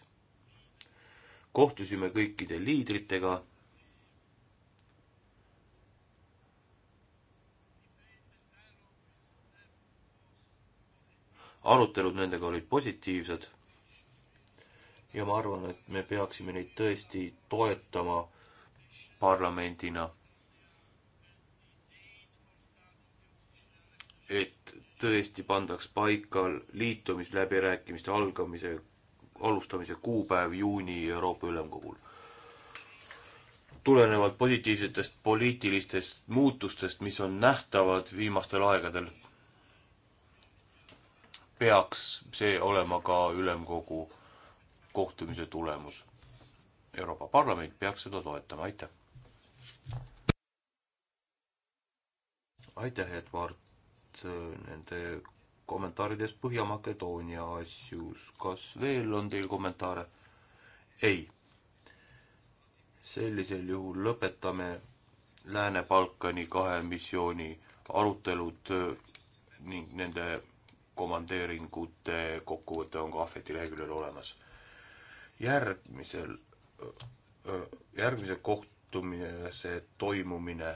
kohtusime kõikide liidritega arutelud nendega olid positiivsed. ja ma arvan, et me peaksime neid tõesti toetama parlamendina, et tõesti pandaks paika liitumisläbirääkimiste algamise, alustamise kuupäev juuni Euroopa Ülemkogul. tulenevalt positiivsetest poliitilistest muutustest, mis on nähtavad viimastel aegadel, peaks see olema ka ülemkogu kohtumise tulemus. Euroopa Parlament peaks seda toetama, aitäh! aitäh, Edward, nende kommentaaridest Põhja-Makedoonia asjus. kas veel on teil kommentaare? ei. sellisel juhul lõpetame Lääne-Balkani kahe missiooni arutelud äh, ning nende komandeeringute kokkuvõte on ka Ahveti leheküljel olemas. järgmisel, äh, äh, järgmise kohtumise toimumine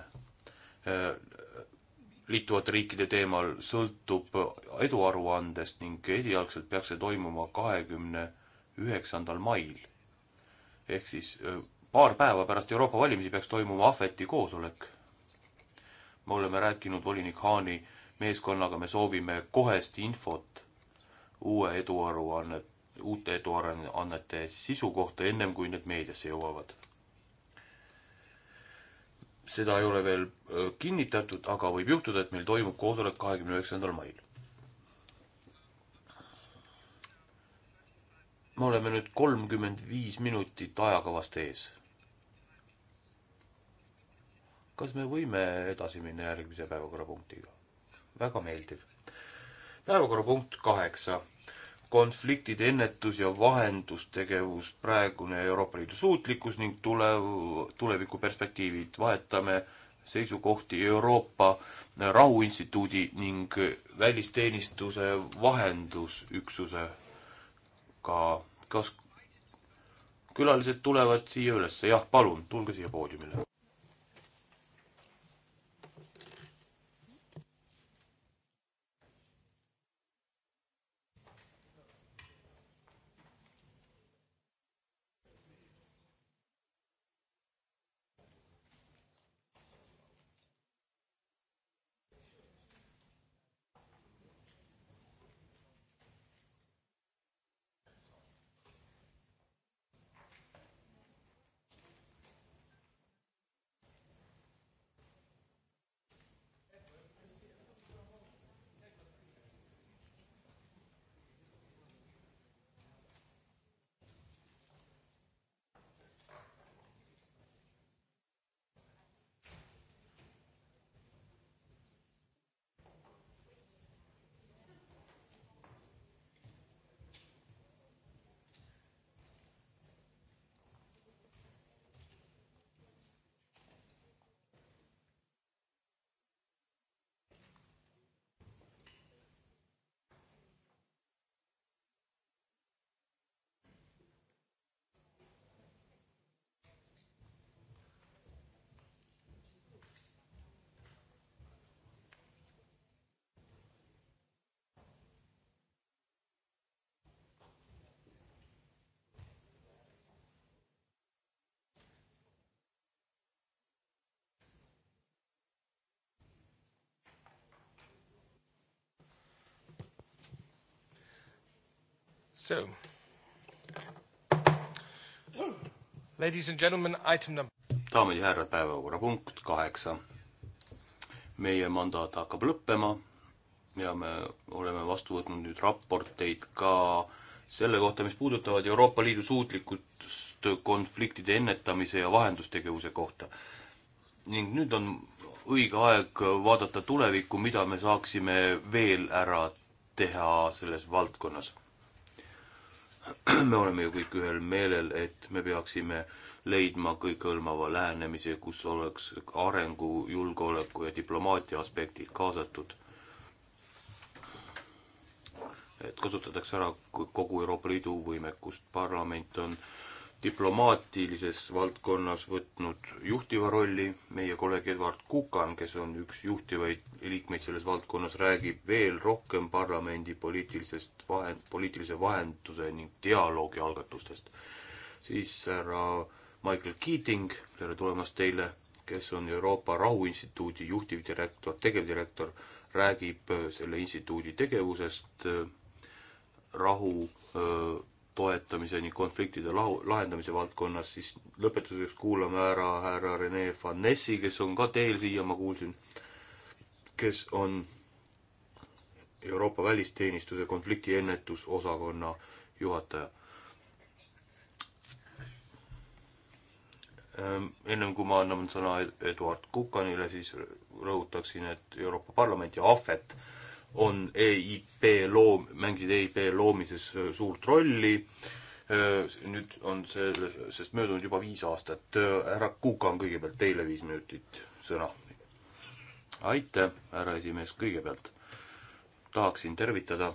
liituvate riikide teemal sõltub eduaruandest ning esialgselt peaks see toimuma kahekümne üheksandal mail. ehk siis paar päeva pärast Euroopa valimisi peaks toimuma ahveti koosolek. me oleme rääkinud volinik Haani meeskonnaga, me soovime kohest infot uue eduaruannet, uute eduaruannete sisu kohta, ennem kui need meediasse jõuavad seda ei ole veel kinnitatud, aga võib juhtuda, et meil toimub koosolek kahekümne üheksandal mail. me oleme nüüd kolmkümmend viis minutit ajakavast ees. kas me võime edasi minna järgmise päevakorrapunktiga? väga meeldiv. päevakorrapunkt kaheksa konfliktide ennetus ja vahendustegevus, praegune Euroopa Liidu suutlikkus ning tulev, tulevikuperspektiivid. vahetame seisukohti Euroopa Rahuinstituudi ning välisteenistuse vahendusüksusega. kas külalised tulevad siia üles? jah, palun, tulge siia poodiumile. So, ladies and gentlemen, item number. daamid ja härrad, päevakorrapunkt kaheksa. meie mandaat hakkab lõppema ja me oleme vastu võtnud nüüd raporteid ka selle kohta, mis puudutavad Euroopa Liidu suutlikkust konfliktide ennetamise ja vahendustegevuse kohta. ning nüüd on õige aeg vaadata tulevikku, mida me saaksime veel ära teha selles valdkonnas me oleme ju kõik ühel meelel, et me peaksime leidma kõikehõlmava lähenemise, kus oleks arengu, julgeoleku ja diplomaatia aspektid kaasatud. et kasutatakse ära kogu Euroopa Liidu võimekust, parlament on äh, diplomaatilises valdkonnas võtnud juhtiva rolli, meie kolleeg Edward Kukan, kes on üks juhtivaid liikmeid selles valdkonnas, räägib veel rohkem parlamendi poliitilisest vahend, poliitilise vahenduse ning dialoogi algatustest. siis härra Michael Keating, tere tulemast teile, kes on Euroopa Rahuinstituudi juhtivdirektor, tegevdirektor, räägib selle instituudi tegevusest rahu öö, toetamiseni konfliktide lahu, lahendamise valdkonnas, siis lõpetuseks kuulame ära härra Rene Fannessi, kes on ka teel siia, ma kuulsin, kes on Euroopa Välisteenistuse konfliktiennetusosakonna juhataja. Ehm, ennem kui ma annan sõna Eduard Kukanile, siis rõhutaksin, et Euroopa Parlament ja Ahvet on EIP loom, mängisid EIP loomises äh, suurt rolli. Äh, nüüd on selle, sest möödunud juba viis aastat. Äh, härra Kukan, kõigepealt teile viis minutit sõna. aitäh, härra esimees, kõigepealt tahaksin tervitada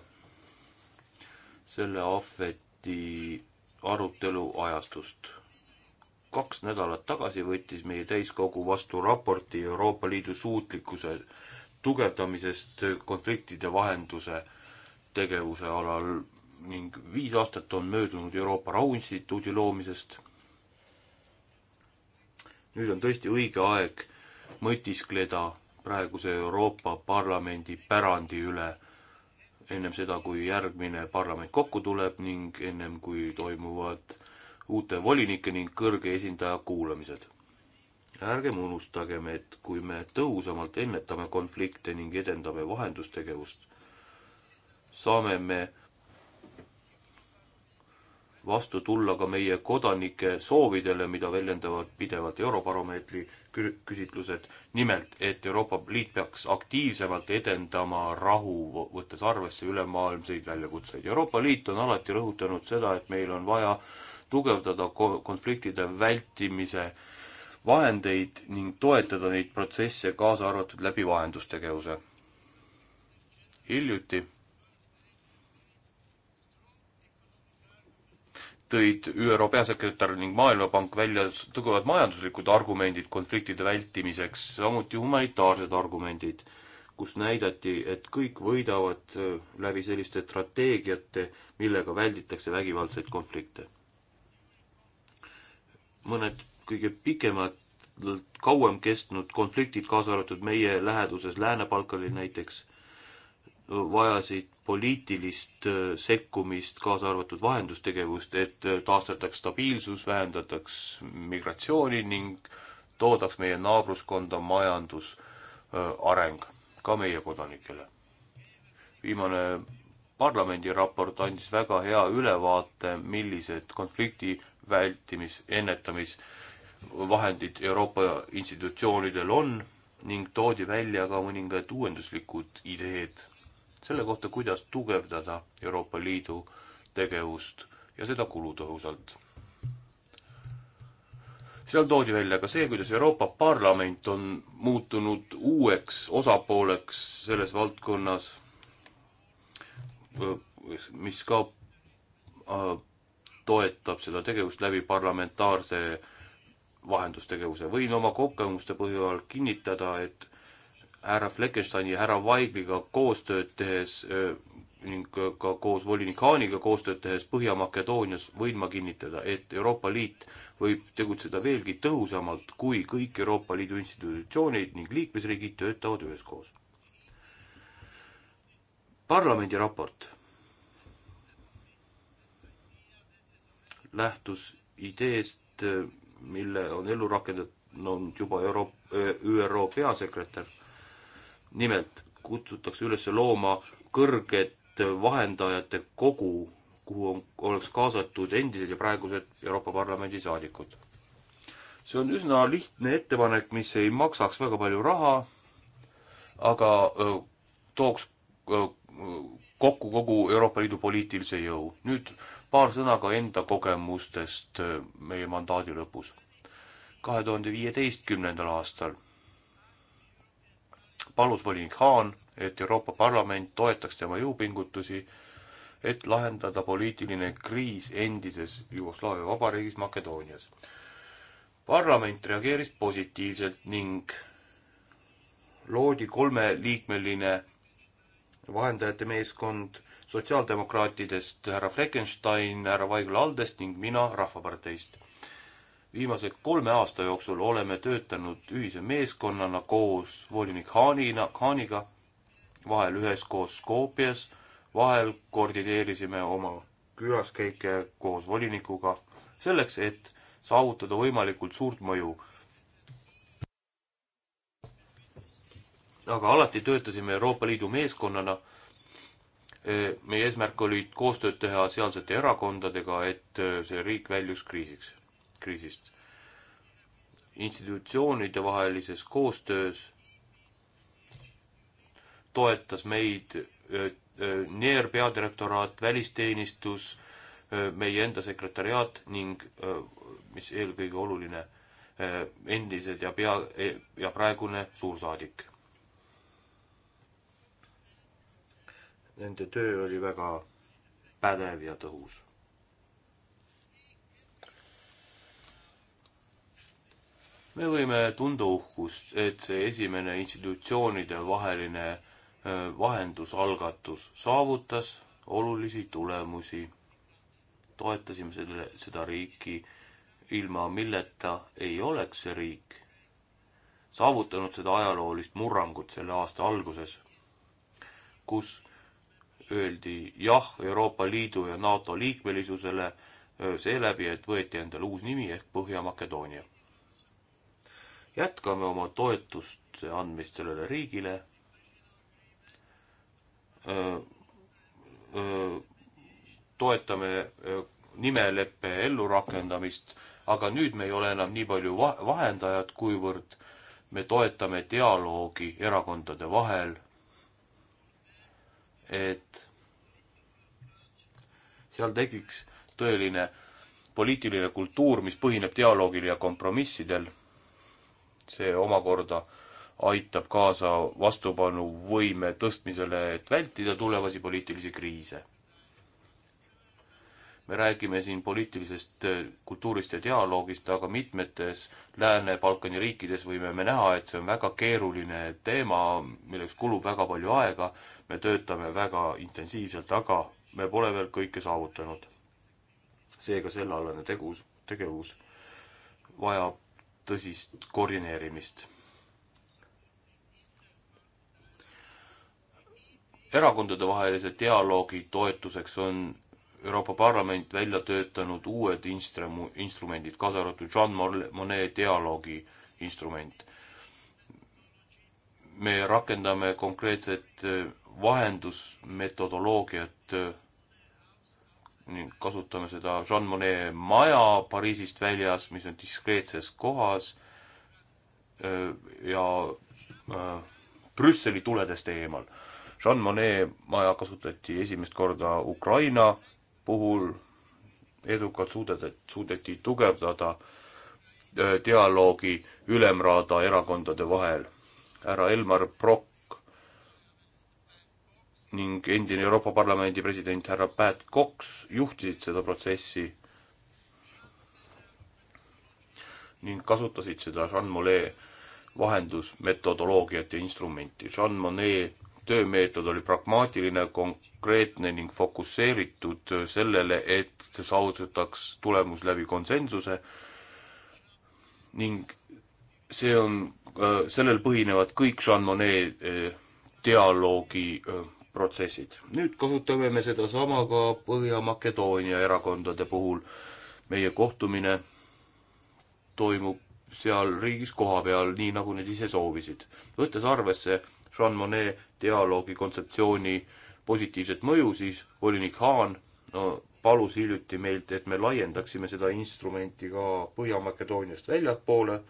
selle ahveti arutelu ajastust kaks nädalat tagasi võttis meie täiskogu vastu raporti Euroopa Liidu suutlikkuse tugevdamisest konfliktide vahenduse tegevuse alal ning viis aastat on möödunud Euroopa Rahuinstituudi loomisest. nüüd on tõesti õige aeg mõtiskleda praeguse Euroopa Parlamendi pärandi üle ennem seda, kui järgmine parlament kokku tuleb ning ennem kui toimuvad uute volinike ning kõrge esindaja kuulamised ärgem unustagem, et kui me tõhusamalt ennetame konflikte ning edendame vahendustegevust, saame me vastu tulla ka meie kodanike soovidele, mida väljendavad pidevalt Eurobaromeetri küsitlused, nimelt, et Euroopa Liit peaks aktiivsemalt edendama rahu, võttes arvesse ülemaailmseid väljakutseid. Euroopa Liit on alati rõhutanud seda, et meil on vaja tugevdada konfliktide vältimise äh, vahendeid ning toetada neid protsesse, kaasa arvatud läbi vahendustegevuse. hiljuti tõid ÜRO peasekretär ning Maailmapank välja tugevad majanduslikud argumendid konfliktide vältimiseks, samuti humanitaarsed argumendid, kus näidati, et kõik võidavad äh, läbi selliste strateegiate, millega välditakse vägivaldseid konflikte. mõned kõige pikemad, kauem kestnud konfliktid, kaasa arvatud meie läheduses Lääne-Balkanil näiteks, vajasid poliitilist äh, sekkumist, kaasa arvatud vahendustegevust, et äh, taastataks stabiilsus, vähendataks migratsiooni ning toodaks meie naabruskonda majandusareng äh, ka meie kodanikele. viimane parlamendi raport andis väga hea ülevaate, millised konflikti vältimis, ennetamis- vahendid Euroopa institutsioonidel on ning toodi välja ka mõningad uuenduslikud ideed selle kohta, kuidas tugevdada Euroopa Liidu tegevust ja seda kulutõhusalt. seal toodi välja ka see, kuidas Euroopa Parlament on muutunud uueks osapooleks selles valdkonnas, mis ka äh, toetab seda tegevust läbi parlamentaarse vahendustegevuse. võin oma kogemuste põhjal kinnitada, et härra Fleckensteini ja härra Vaigliga koostööd tehes eh, ning ka koos volinik Haaniga koostööd tehes Põhja-Makedoonias võin ma kinnitada, et Euroopa Liit võib tegutseda veelgi tõhusamalt, kui kõik Euroopa Liidu institutsioonid ning liikmesriigid töötavad üheskoos. parlamendi raport lähtus ideest, eh, mille on ellu rakendanud juba Euro-, ÜRO peasekretär. nimelt kutsutakse üles looma kõrget vahendajate kogu, kuhu on, oleks kaasatud endised ja praegused Euroopa Parlamendi saadikud. see on üsna lihtne ettepanek, mis ei maksaks väga palju raha, aga öö, tooks öö, kokku kogu Euroopa Liidu poliitilise jõu. nüüd öö, paar sõna ka enda kogemustest äh, meie mandaadi lõpus. kahe tuhande viieteistkümnendal aastal palus volinik Haan, et Euroopa Parlament toetaks tema jõupingutusi, et lahendada poliitiline kriis endises Jugoslaavia vabariigis Makedoonias. parlament reageeris positiivselt ning loodi kolmeliikmeline vahendajate meeskond sotsiaaldemokraatidest härra Fleckenstein, härra Vaigla Aldest ning mina Rahvaparteist. viimase kolme aasta jooksul oleme töötanud ühise meeskonnana koos volinik Haanina, Haaniga, vahel üheskoos Skopjes, vahel koordineerisime oma külaskäike koos volinikuga, selleks et saavutada võimalikult suurt mõju aga alati töötasime Euroopa Liidu meeskonnana Eh, meie eesmärk oli koostööd teha sealsete erakondadega, et eh, see riik väljuks kriisiks, kriisist. institutsioonide vahelises koostöös toetas meid eh, NEER peadirektoraat, välisteenistus, meie enda sekretariaat ning mis eelkõige oluline, endised ja pea- ja praegune suursaadik Nende töö oli väga pädev ja tõhus. me võime tunda uhkust, et see esimene institutsioonide vaheline äh, vahendusalgatus saavutas olulisi tulemusi. toetasime selle, seda riiki, ilma milleta ei oleks see riik saavutanud seda ajaloolist murrangut selle aasta alguses, kus öeldi jah Euroopa Liidu ja NATO liikmelisusele seeläbi, et võeti endale uus nimi ehk Põhja-Makedoonia. jätkame oma toetust andmist sellele riigile toetame nimeleppe ellurakendamist, aga nüüd me ei ole enam nii palju vahendajad, kuivõrd me toetame dialoogi erakondade vahel et seal tekiks tõeline poliitiline kultuur, mis põhineb dialoogil ja kompromissidel. see omakorda aitab kaasa vastupanuvõime tõstmisele, et vältida tulevasi poliitilisi kriise. me räägime siin poliitilisest äh, kultuurist ja dialoogist, aga mitmetes Lääne-Balkani riikides võime me näha, et see on väga keeruline teema, milleks kulub väga palju aega me töötame väga intensiivselt, aga me pole veel kõike saavutanud. seega sellealane tegus, tegevus vajab tõsist koordineerimist. erakondadevahelise dialoogi toetuseks on Euroopa Parlament välja töötanud uued instrum-, instrumendid, kaasa arvatud Jean Monnet dialoogi instrument. me rakendame konkreetset vahendusmetodoloogiat äh, ning kasutame seda Jean Monnet maja Pariisist väljas, mis on diskreetses kohas äh, ja äh, Brüsseli tuledest eemal. Jean Monnet maja kasutati esimest korda Ukraina puhul, edukalt suudeti, suudeti tugevdada dialoogi ülemraada erakondade vahel. härra Elmar Brok ning endine Euroopa Parlamendi president härra Pat Cox juhtisid seda protsessi ning kasutasid seda Jean Monnet vahendusmetodoloogiat ja instrumenti. Jean Monnet töömeetod oli pragmaatiline, konkreetne ning fokusseeritud sellele, et saavutataks tulemus läbi konsensuse ning see on, äh, sellel põhinevad kõik Jean Monnet äh, dialoogi öö, äh, protsessid. nüüd kasutame me sedasama ka Põhja-Makedoonia erakondade puhul. meie kohtumine toimub seal riigis kohapeal, nii nagu nad ise soovisid. võttes arvesse Jean Monnet dialoogi kontseptsiooni positiivset mõju, siis volinik Haan no, palus hiljuti meilt, et me laiendaksime seda instrumenti ka Põhja-Makedooniast väljapoole,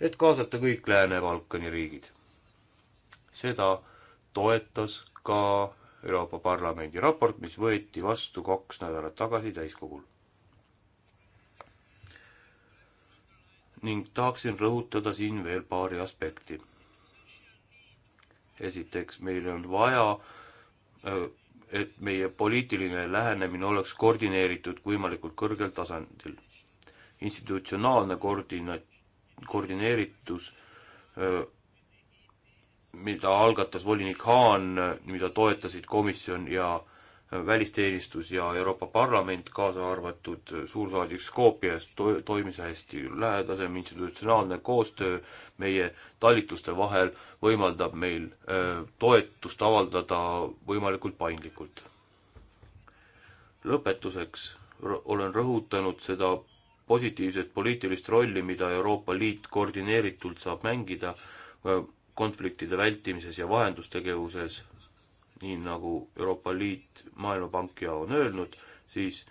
et kaasata kõik Lääne-Balkani riigid. seda toetas ka Euroopa Parlamendi raport, mis võeti vastu kaks nädalat tagasi täiskogul. ning tahaksin rõhutada siin veel paari aspekti. esiteks, meil on vaja, et meie poliitiline lähenemine oleks koordineeritud võimalikult kõrgel tasandil. institutsionaalne koordina-, koordineeritus öö, mida algatas volinik Haan, mida toetasid komisjon ja äh, välisteenistus ja Euroopa Parlament, kaasa arvatud suursaadik Skopjas to-, toimis hästi. lähedasem institutsionaalne koostöö meie talituste vahel võimaldab meil öö, äh, toetust avaldada võimalikult paindlikult. lõpetuseks olen rõhutanud seda positiivset poliitilist rolli, mida Euroopa Liit koordineeritult saab mängida öö, äh, konfliktide vältimises ja vahendustegevuses, nii nagu Euroopa Liit, Maailmapank ja on öelnud, siis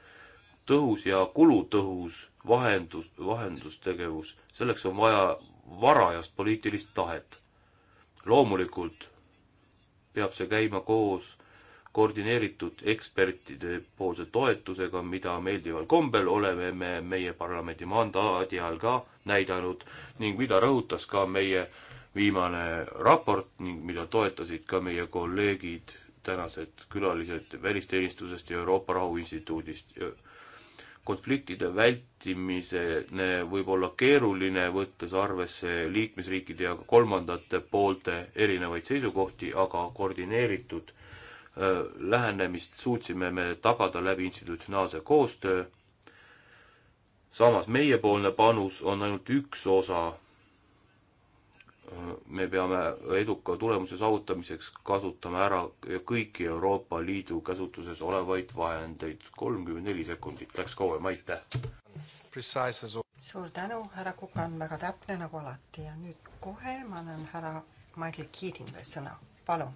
tõhus ja kulutõhus vahendus, vahendustegevus, selleks on vaja varajast poliitilist tahet. loomulikult peab see käima koos koordineeritud ekspertide poolse toetusega, mida meeldival kombel oleme me meie parlamendi mandaadi all ka näidanud ning mida rõhutas ka meie äh, viimane raport ning mida toetasid ka meie kolleegid, tänased külalised Välisteenistusest ja Euroopa Rahuinstituudist. konfliktide vältimisene võib olla keeruline, võttes arvesse liikmesriikide ja kolmandate poolte erinevaid seisukohti, aga koordineeritud lähenemist suutsime me tagada läbi institutsionaalse koostöö. samas meiepoolne panus on ainult üks osa me peame eduka tulemuse saavutamiseks kasutama ära kõiki Euroopa Liidu käsutuses olevaid vahendeid. kolmkümmend neli sekundit läks kauem, aitäh! suur tänu, härra Kukan, väga täpne nagu alati ja nüüd kohe ma annan härra Michael Keatingile sõna, palun.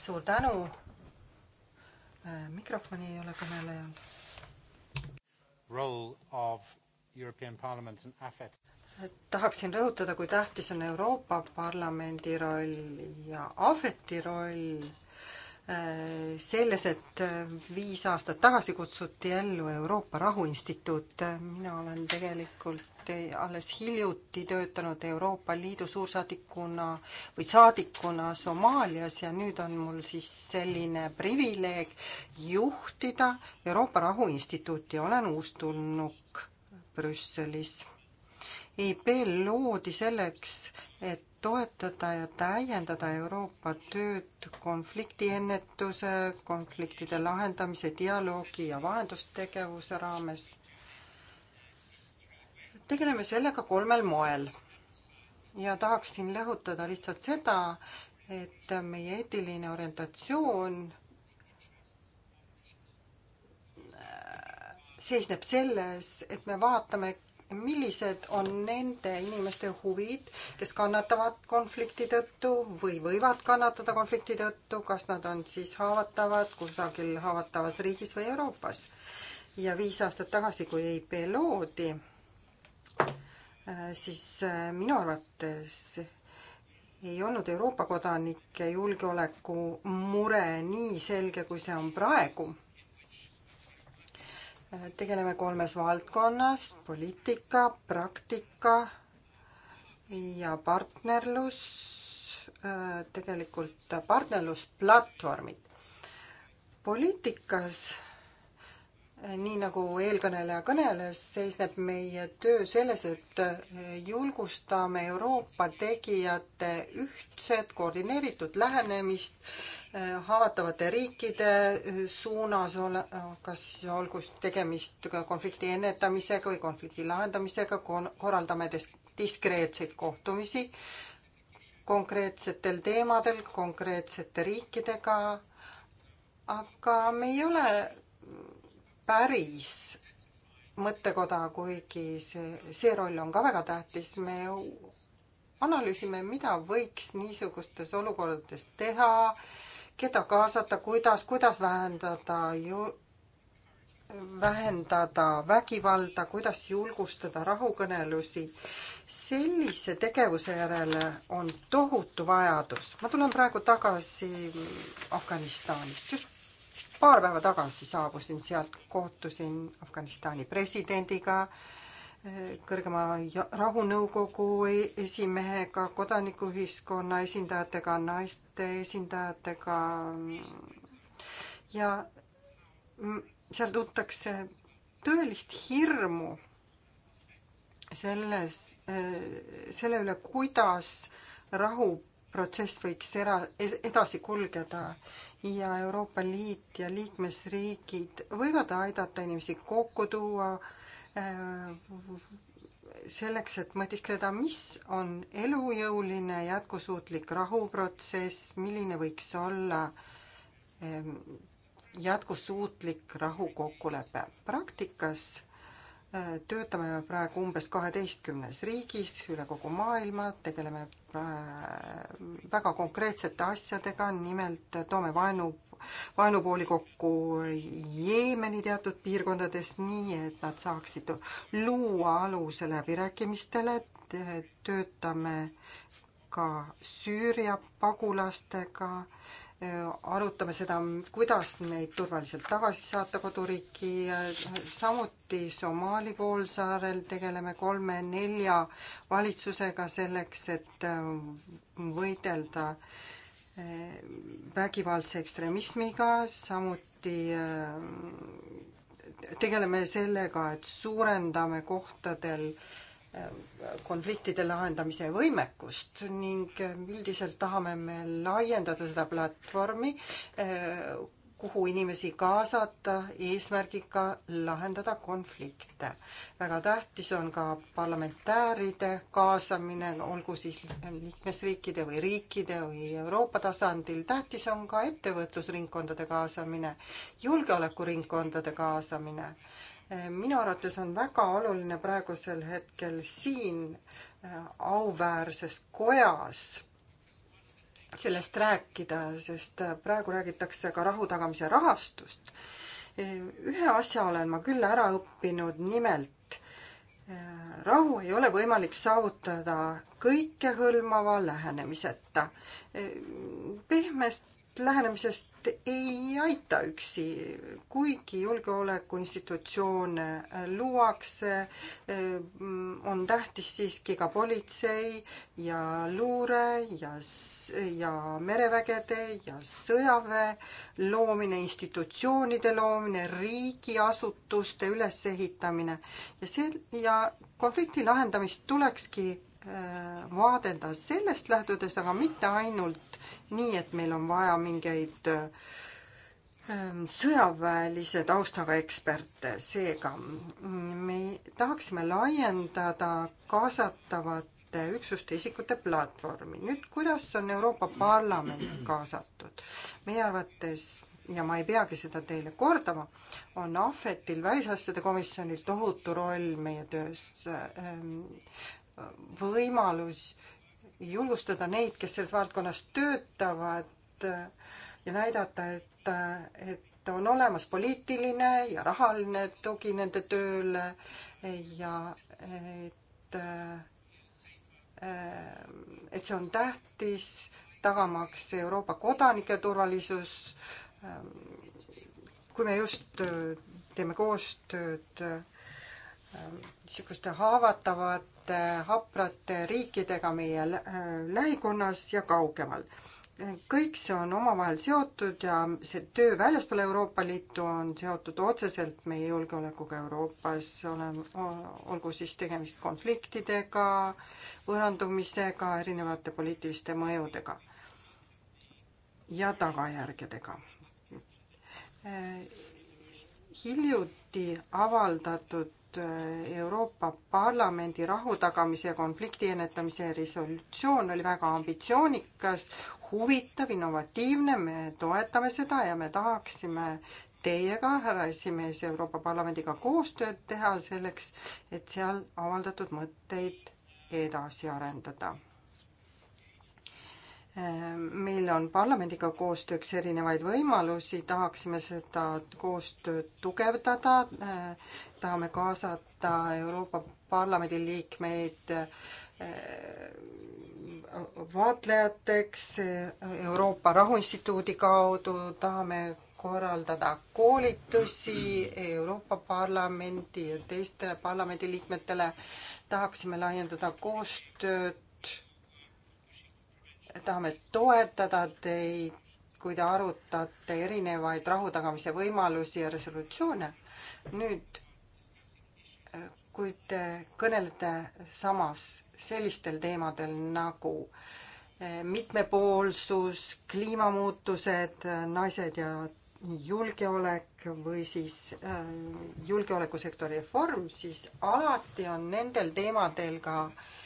suur tänu. Äh, mikrofoni ei ole kõnelejal. Role of European Parliament and AFET tahaksin rõhutada, kui tähtis on Euroopa Parlamendi roll ja Ahveti roll eh, selles, et eh, viis aastat tagasi kutsuti ellu Euroopa Rahuinstituut. mina olen tegelikult eh, alles hiljuti töötanud Euroopa Liidu suursaadikuna või saadikuna Somaalias ja nüüd on mul siis selline privileeg juhtida Euroopa Rahuinstituuti, olen uustulnuk Brüsselis EIP loodi selleks, et toetada ja täiendada Euroopa tööd konfliktiennetuse, konfliktide lahendamise, dialoogi ja vahendustegevuse raames. tegeleme sellega kolmel moel ja tahaksin rõhutada lihtsalt seda, et meie eetiline orientatsioon seisneb selles, et me vaatame millised on nende inimeste huvid, kes kannatavad konflikti tõttu või võivad kannatada konflikti tõttu, kas nad on siis haavatavad kusagil haavatavas riigis või Euroopas. ja viis aastat tagasi, kui EIP loodi, äh, siis äh, minu arvates ei olnud Euroopa kodanike julgeoleku mure nii selge, kui see on praegu tegeleme kolmes valdkonnas, poliitika, praktika ja partnerlus, äh, tegelikult partnerlusplatvormid. poliitikas, äh, nii nagu eelkõneleja kõneles, seisneb meie töö selles, et äh, julgustame Euroopa tegijate ühtset koordineeritud lähenemist Äh, haavatavate riikide äh, suunas, kas olgu tegemist konflikti ennetamisega või konflikti lahendamisega, korraldame diskreetseid kohtumisi konkreetsetel teemadel, konkreetsete riikidega, aga me ei ole päris mõttekoda, kuigi see, see roll on ka väga tähtis, me analüüsime, mida võiks niisugustes olukordades teha, keda kaasata, kuidas, kuidas vähendada ju-, vähendada vägivalda, kuidas julgustada rahukõnelusi, sellise tegevuse järele on tohutu vajadus. ma tulen praegu tagasi Afganistanist, just paar päeva tagasi saabusin sealt, kohtusin Afganistani presidendiga äh,, kõrgema rahunõukogu e-, esimehega, kodanikuühiskonna esindajatega, naiste esindajatega ja seal tuntakse tõelist hirmu selles, selle üle, kuidas rahuprotsess võiks era-, edasi kulgeda ja Euroopa Liit ja liikmesriigid võivad aidata inimesi kokku tuua äh,, Äh, selleks, et mõtiskleda, mis on elujõuline jätkusuutlik rahuprotsess, milline võiks olla ähm, jätkusuutlik rahukokkulepe. praktikas Äh, töötame praegu umbes kaheteistkümnes riigis üle kogu maailma, tegeleme äh, väga konkreetsete asjadega, nimelt toome vaenu, vaenupooli kokku Jeemeni teatud piirkondades, nii et nad saaksid luua aluse läbirääkimistele, töötame ka Süüria pagulastega äh, Äh, arutame seda, kuidas neid turvaliselt tagasi saata koduriiki, samuti Somaali poolsaarel tegeleme kolme-nelja valitsusega selleks, et äh, võidelda äh, vägivaldse ekstremismiga, samuti tegeleme sellega, et suurendame kohtadel äh, konfliktide lahendamise võimekust ning üldiselt tahame me laiendada seda platvormi, kuhu inimesi kaasata eesmärgiga lahendada konflikte. väga tähtis on ka parlamentääride kaasamine, olgu siis liikmesriikide või riikide või Euroopa tasandil. tähtis on ka ettevõtlusringkondade kaasamine, julgeolekuringkondade kaasamine minu arvates on väga oluline praegusel hetkel siin äh, auväärses kojas sellest rääkida, sest äh, praegu räägitakse ka rahu tagamise rahastust. ühe asja olen ma küll ära õppinud, nimelt äh, rahu ei ole võimalik saavutada kõikehõlmava lähenemiseta. pehmest lähenemisest ei aita üksi, kuigi julgeolekuinstitutsioone luuakse, on tähtis siiski ka politsei ja luure ja, ja merevägede ja sõjaväe loomine, institutsioonide loomine, riigiasutuste ülesehitamine ja see ja konflikti lahendamist tulekski äh, vaadelda sellest lähtudes, aga mitte ainult nii, et meil on vaja mingeid ähm, sõjaväelise taustaga eksperte, seega me tahaksime laiendada kaasatavate üksuste isikute platvormi. nüüd, kuidas on Euroopa Parlament kaasatud? meie arvates ja ma ei peagi seda teile kordama, on Ahvetil, välisasjade komisjonil tohutu roll meie töös, ähm, võimalus julgustada neid, kes selles valdkonnas töötavad ja näidata, et, et on olemas poliitiline ja rahaline tugi nende tööle ja et, et see on tähtis, tagamaks Euroopa kodanike turvalisus. kui me just teeme koostööd Ähm, niisuguste haavatavate haprate riikidega meie äh, lähikonnas ja kaugemal. kõik see on omavahel seotud ja see töö väljaspool Euroopa Liitu on seotud otseselt meie julgeolekuga Euroopas, olen, olgu siis tegemist konfliktidega, võõrandumisega, erinevate poliitiliste mõjudega ja tagajärgedega äh, hiljuti avaldatud Äh, Euroopa Parlamendi rahutagamise ja konflikti ennetamise resolutsioon oli väga ambitsioonikas, huvitav, innovatiivne, me toetame seda ja me tahaksime teiega, härra esimees, Euroopa Parlamendiga koostööd teha selleks, et seal avaldatud mõtteid edasi arendada meil on parlamendiga koostööks erinevaid võimalusi, tahaksime seda koostööd tugevdada, tahame kaasata Euroopa Parlamendi liikmeid eh, vaatlejateks Euroopa Rahuinstituudi kaudu, tahame korraldada koolitusi Euroopa Parlamendi ja teistele parlamendiliikmetele, tahaksime laiendada koostööd tahame toetada teid, kui te arutate erinevaid rahutagamise võimalusi ja resolutsioone. nüüd, kui te kõnelete samas sellistel teemadel nagu eh, mitmepoolsus, kliimamuutused, eh, naised ja julgeolek või siis eh, julgeolekusektori reform, siis alati on nendel teemadel ka äh,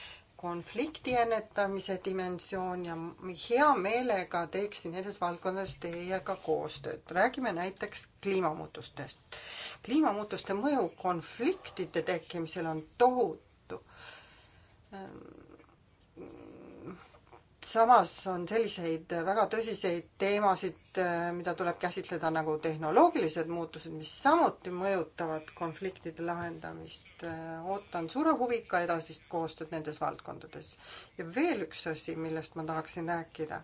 konflikti ennetamise dimensioon ja hea meelega teeksin nendes valdkondades teiega koostööd. räägime näiteks kliimamuutustest. kliimamuutuste mõju konfliktide tekkimisel on tohutu samas on selliseid väga tõsiseid teemasid, mida tuleb käsitleda nagu tehnoloogilised muutused, mis samuti mõjutavad konfliktide lahendamist. ootan suure huviga edasist koostööd nendes valdkondades. ja veel üks asi, millest ma tahaksin rääkida.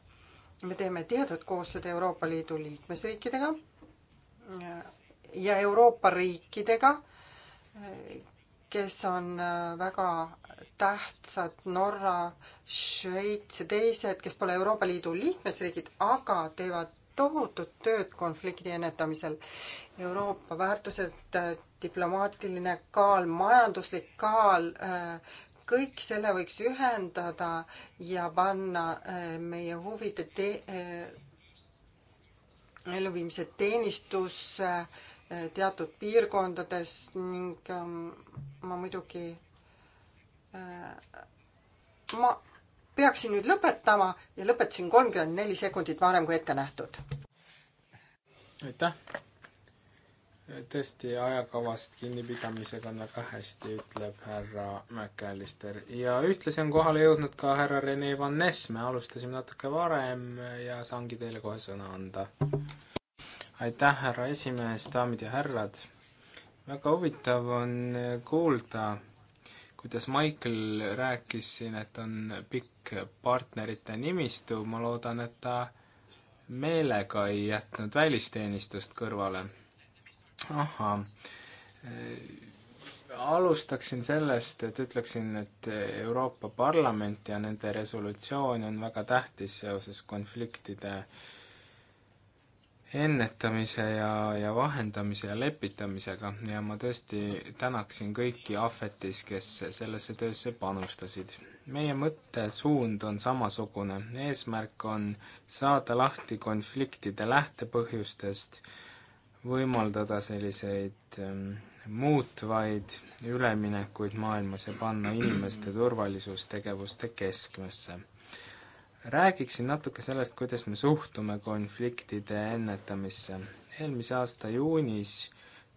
me teeme tihedat koostööd Euroopa Liidu liikmesriikidega ja Euroopa riikidega, kes on äh, väga tähtsad, Norra, Šveits ja teised, kes pole Euroopa Liidu liikmesriigid, aga teevad tohutut tööd konflikti ennetamisel. Euroopa väärtused, äh, diplomaatiline kaal, majanduslik kaal, äh, kõik selle võiks ühendada ja panna meie huvide te-, elluviimise teenistusse äh, teatud piirkondades ning ähm, ma muidugi äh, ma peaksin nüüd lõpetama ja lõpetasin kolmkümmend neli sekundit varem kui ette nähtud. aitäh. tõesti, ajakavast kinnipidamisega on väga hästi, ütleb härra McAllister ja ühtlasi on kohale jõudnud ka härra Rene Van Ness, me alustasime natuke varem ja saangi teile kohe sõna anda aitäh, härra esimees, daamid ja härrad! väga huvitav on kuulda, kuidas Michael rääkis siin, et on pikk partnerite nimistu, ma loodan, et ta meelega ei jätnud välisteenistust kõrvale. ahah, alustaksin sellest, et ütleksin, et Euroopa Parlament ja nende resolutsioon on väga tähtis seoses konfliktide äh, ennetamise ja, ja vahendamise ja lepitamisega ja ma tõesti tänaksin kõiki ahvetis, kes sellesse töösse panustasid. meie mõttesuund on samasugune, eesmärk on saada lahti konfliktide lähtepõhjustest, võimaldada selliseid ähm, muutvaid üleminekuid maailmas ja panna inimeste turvalisustegevuste keskmesse räägiksin natuke sellest, kuidas me suhtume konfliktide ennetamisse. eelmise aasta juunis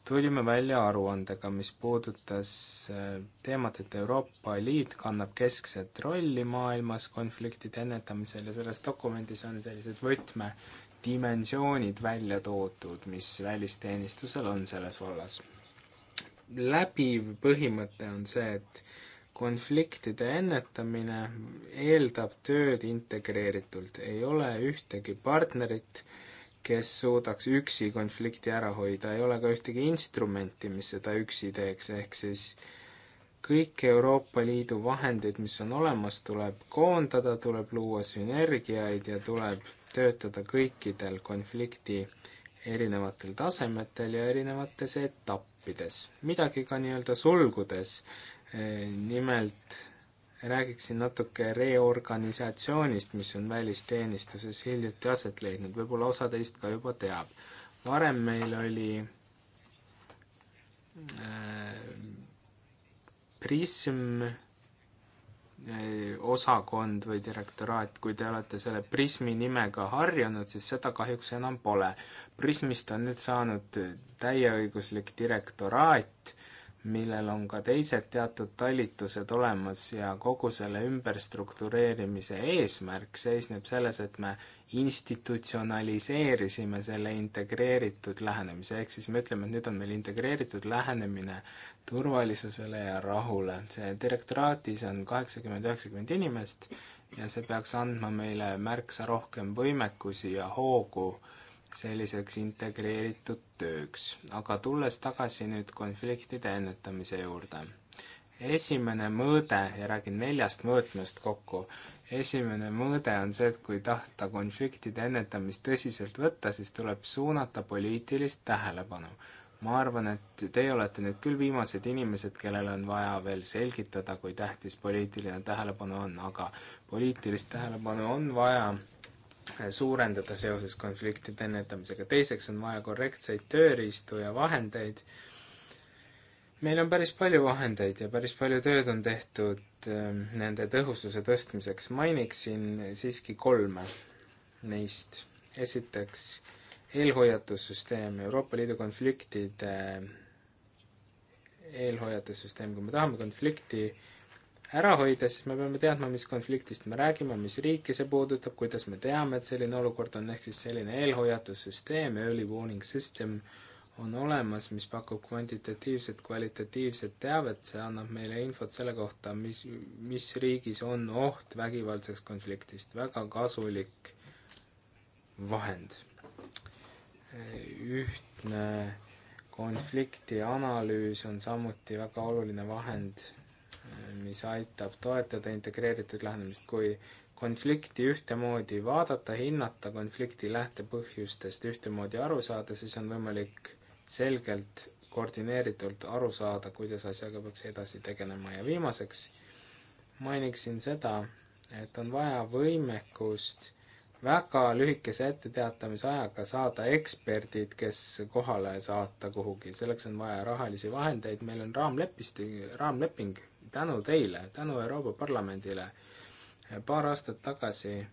tulime välja aruandega, mis puudutas äh, teemat, et Euroopa Liit kannab keskset rolli maailmas konfliktide ennetamisel ja selles dokumendis on sellised võtmedimensioonid välja toodud, mis välisteenistusel on selles vallas. läbiv põhimõte on see, et konfliktide ennetamine eeldab tööd integreeritult, ei ole ühtegi partnerit, kes suudaks üksi konflikti ära hoida, ei ole ka ühtegi instrumenti, mis seda üksi teeks, ehk siis kõik Euroopa Liidu vahendid, mis on olemas, tuleb koondada, tuleb luua sünergiaid ja tuleb töötada kõikidel konflikti erinevatel tasemetel ja erinevates etappides, midagi ka nii-öelda sulgudes Äh, nimelt räägiksin natuke reorganisatsioonist, mis on välisteenistuses hiljuti aset leidnud, võib-olla osa teist ka juba teab. varem meil oli äh, Prism äh, osakond või direktoraat, kui te olete selle Prismi nimega harjunud, siis seda kahjuks enam pole. Prismist on nüüd saanud täieõiguslik direktoraat millel on ka teised teatud talitused olemas ja kogu selle ümberstruktureerimise eesmärk seisneb selles, et me institutsionaliseerisime selle integreeritud lähenemise, ehk siis me ütleme, et nüüd on meil integreeritud lähenemine turvalisusele ja rahule. see direktoraatis on kaheksakümmend, üheksakümmend inimest ja see peaks andma meile märksa rohkem võimekusi ja hoogu äh, selliseks integreeritud tööks. aga tulles tagasi nüüd konfliktide ennetamise juurde. esimene mõõde, ja räägin neljast mõõtmest kokku, esimene mõõde on see, et kui tahta konfliktide ennetamist tõsiselt võtta, siis tuleb suunata poliitilist tähelepanu. ma arvan, et teie olete nüüd küll viimased inimesed, kellel on vaja veel selgitada, kui tähtis poliitiline tähelepanu on, aga poliitilist tähelepanu on vaja Äh, suurendada seoses konfliktide ennetamisega. teiseks on vaja korrektseid tööriistu ja vahendeid. meil on päris palju vahendeid ja päris palju tööd on tehtud ähm, nende tõhususe tõstmiseks. mainiksin siiski kolme neist. esiteks, eelhoiatussüsteem, Euroopa Liidu konfliktide eelhoiatussüsteem, kui me tahame konflikti ära hoida, siis me peame teadma, mis konfliktist me räägime, mis riiki see puudutab, kuidas me teame, et selline olukord on, ehk siis selline eelhoiatussüsteem, early warning system, on olemas, mis pakub kvantitatiivset, kvalitatiivset teavet, see annab meile infot selle kohta, mis, mis riigis on oht vägivaldseks konfliktist, väga kasulik vahend. ühtne konflikti analüüs on samuti väga oluline vahend mis aitab toetada integreeritud lähenemist, kui konflikti ühtemoodi vaadata, hinnata konflikti lähtepõhjustest ühtemoodi aru saada, siis on võimalik selgelt, koordineeritult aru saada, kuidas asjaga peaks edasi tegelema ja viimaseks mainiksin seda, et on vaja võimekust väga lühikese etteteatamisajaga saada eksperdid, kes kohale saata kuhugi, selleks on vaja rahalisi vahendeid, meil on raamlepisti, raamleping tänu teile, tänu Euroopa Parlamendile. paar aastat tagasi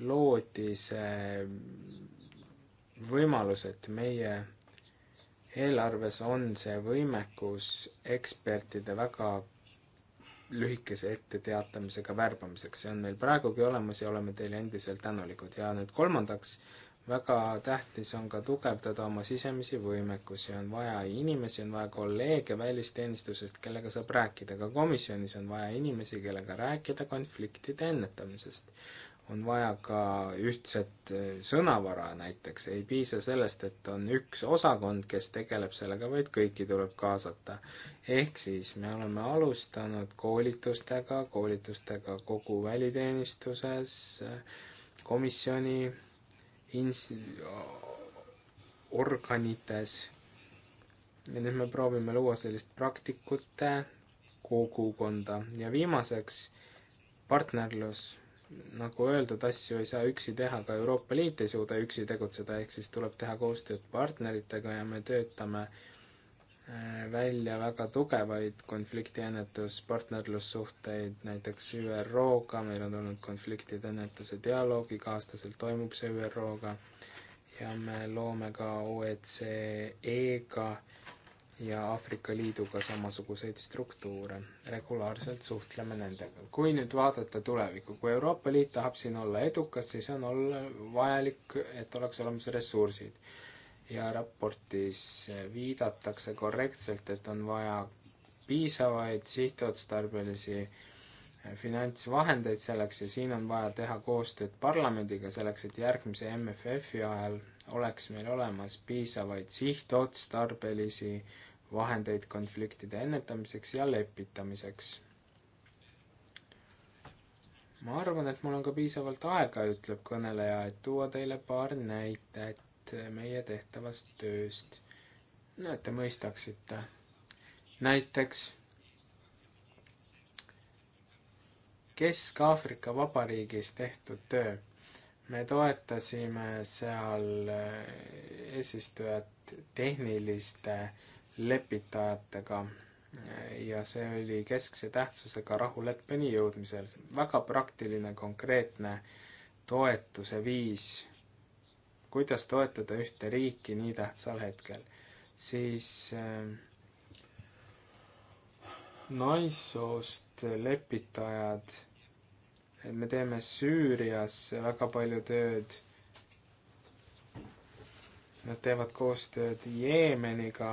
loodi see eh, võimalus, et meie eelarves on see võimekus ekspertide väga lühikese etteteatamisega värbamiseks, see on meil praegugi olemas ja oleme teile endiselt tänulikud. ja nüüd kolmandaks äh, väga tähtis on ka tugevdada oma sisemisi võimekusi, on vaja inimesi, on vaja kolleege välisteenistusest, kellega saab rääkida, ka komisjonis on vaja inimesi, kellega rääkida konfliktide ennetamisest. on vaja ka ühtset eh, sõnavara näiteks, ei piisa sellest, et on üks osakond, kes tegeleb sellega, vaid kõiki tuleb kaasata. ehk siis me oleme alustanud koolitustega, koolitustega kogu väliteenistuses, komisjoni ins-, organites. ja nüüd me proovime luua sellist praktikute kogukonda ja viimaseks partnerlus, nagu öeldud, asju ei saa üksi teha, ka Euroopa Liit ei suuda üksi tegutseda, ehk siis tuleb teha koostööd partneritega ja me töötame äh, Äh, välja väga tugevaid konfliktiennetuspartnerlussuhteid, näiteks ÜRO-ga, meil on olnud konfliktide ennetuse dialoogiga, aastaselt toimub see ÜRO-ga ja me loome ka OECD-ga ja Aafrika Liiduga samasuguseid struktuure, regulaarselt suhtleme nendega. kui nüüd vaadata tulevikku, kui Euroopa Liit tahab siin olla edukas, siis on olla vajalik, et oleks olemas ressursid ja raportis viidatakse korrektselt, et on vaja piisavaid sihtotstarbelisi eh, finantsvahendeid selleks ja siin on vaja teha koostööd parlamendiga selleks, et järgmise MFF-i ajal oleks meil olemas piisavaid sihtotstarbelisi vahendeid konfliktide ennetamiseks ja lepitamiseks. ma arvan, et mul on ka piisavalt aega, ütleb kõneleja, et tuua teile paar näidet meie tehtavast tööst. no et te mõistaksite. näiteks Kesk-Aafrika Vabariigis tehtud töö. me toetasime seal eh, eesistujat tehniliste lepitajatega ja see oli keskse tähtsusega rahuleppeni jõudmisel. väga praktiline, konkreetne toetuse viis kuidas toetada ühte riiki nii tähtsal hetkel, siis äh, naissoost lepitajad, et me teeme Süürias väga palju tööd. Nad teevad koostööd Jeemeniga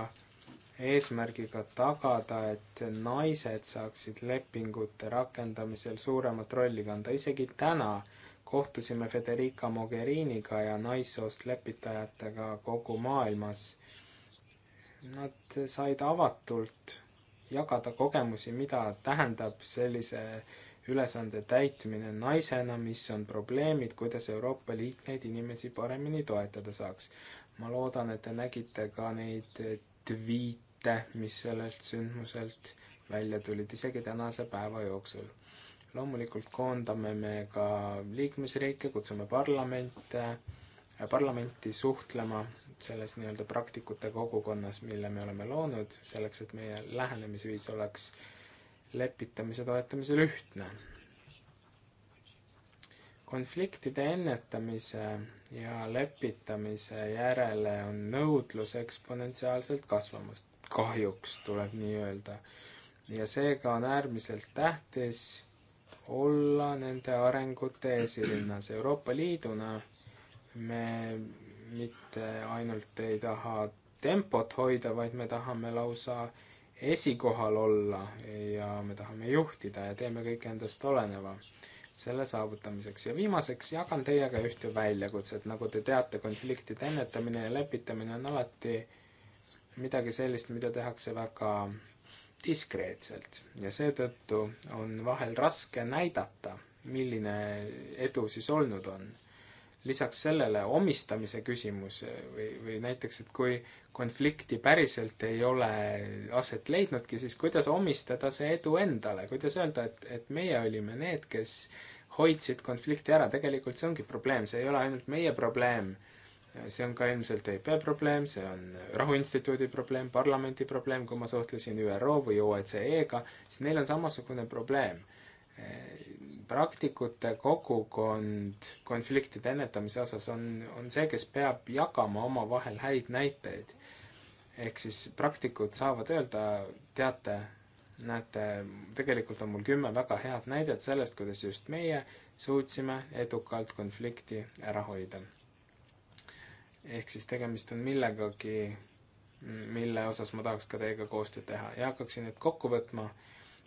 eesmärgiga tagada, et naised saaksid lepingute rakendamisel suuremat rolli kanda. isegi täna kohtusime Federica Mogheriniga ja naissoost lepitajatega kogu maailmas. Nad said avatult jagada kogemusi, mida tähendab sellise ülesande täitmine naisena, mis on probleemid, kuidas Euroopa Liit neid inimesi paremini toetada saaks. ma loodan, et te nägite ka neid tweet'e, mis sellelt sündmuselt välja tulid, isegi tänase päeva jooksul loomulikult koondame me ka liikmesriike, kutsume parlamente, äh, parlamenti suhtlema selles nii-öelda praktikute kogukonnas, mille me oleme loonud, selleks et meie lähenemisviis oleks lepitamise toetamisel ühtne. konfliktide ennetamise ja lepitamise järele on nõudlus eksponentsiaalselt kasvamas, kahjuks tuleb nii öelda. ja seega on äärmiselt tähtis olla nende arengute esirinnas. Euroopa Liiduna me mitte ainult ei taha tempot hoida, vaid me tahame lausa esikohal olla ja me tahame juhtida ja teeme kõik endast oleneva selle saavutamiseks. ja viimaseks jagan teiega ühte väljakutset, nagu te teate, konfliktide ennetamine ja lepitamine on alati midagi sellist, mida tehakse väga diskreetselt ja seetõttu on vahel raske näidata, milline edu siis olnud on. lisaks sellele omistamise küsimus või, või näiteks, et kui konflikti päriselt ei ole aset leidnudki, siis kuidas omistada see edu endale, kuidas öelda, et, et meie olime need, kes hoidsid konflikti ära, tegelikult see ongi probleem, see ei ole ainult meie probleem see on ka ilmselt EIP probleem, see on Rahuinstituudi probleem, parlamendi probleem, kui ma suhtlesin ÜRO või OECD-ga, siis neil on samasugune probleem. praktikute kogukond konfliktide ennetamise osas on, on see, kes peab jagama omavahel häid näiteid. ehk siis praktikud saavad öelda, teate, näete, tegelikult on mul kümme väga head näidet sellest, kuidas just meie suutsime edukalt konflikti ära hoida ehk siis tegemist on millegagi, mille osas ma tahaks ka teiega koostööd teha ja hakkaksin nüüd kokku võtma.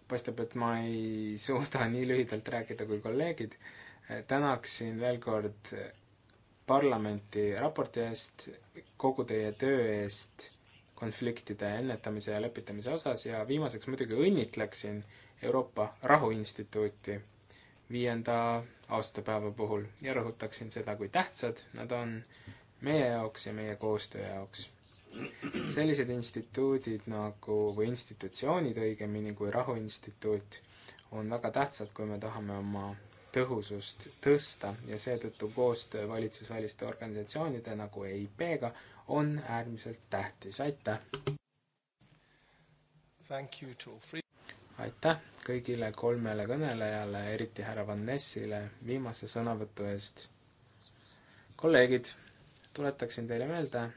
paistab, et ma ei suuda nii lühidalt rääkida kui kolleegid. tänaksin veel kord parlamenti raporti eest, kogu teie töö eest konfliktide ennetamise ja lõpetamise osas ja viimaseks muidugi õnnitleksin Euroopa Rahuinstituuti viienda aastapäeva puhul ja rõhutaksin seda, kui tähtsad nad on meie jaoks ja meie koostöö jaoks. sellised instituudid nagu, või institutsioonid õigemini, kui Rahuinstituut, on väga tähtsad, kui me tahame oma tõhusust tõsta ja seetõttu koostöö valitsusväliste organisatsioonide nagu EIP-ga on äärmiselt tähtis, aitäh! aitäh kõigile kolmele kõnelejale, eriti härra Van Nessile viimase sõnavõtu eest. kolleegid tuletaksin teile meelde,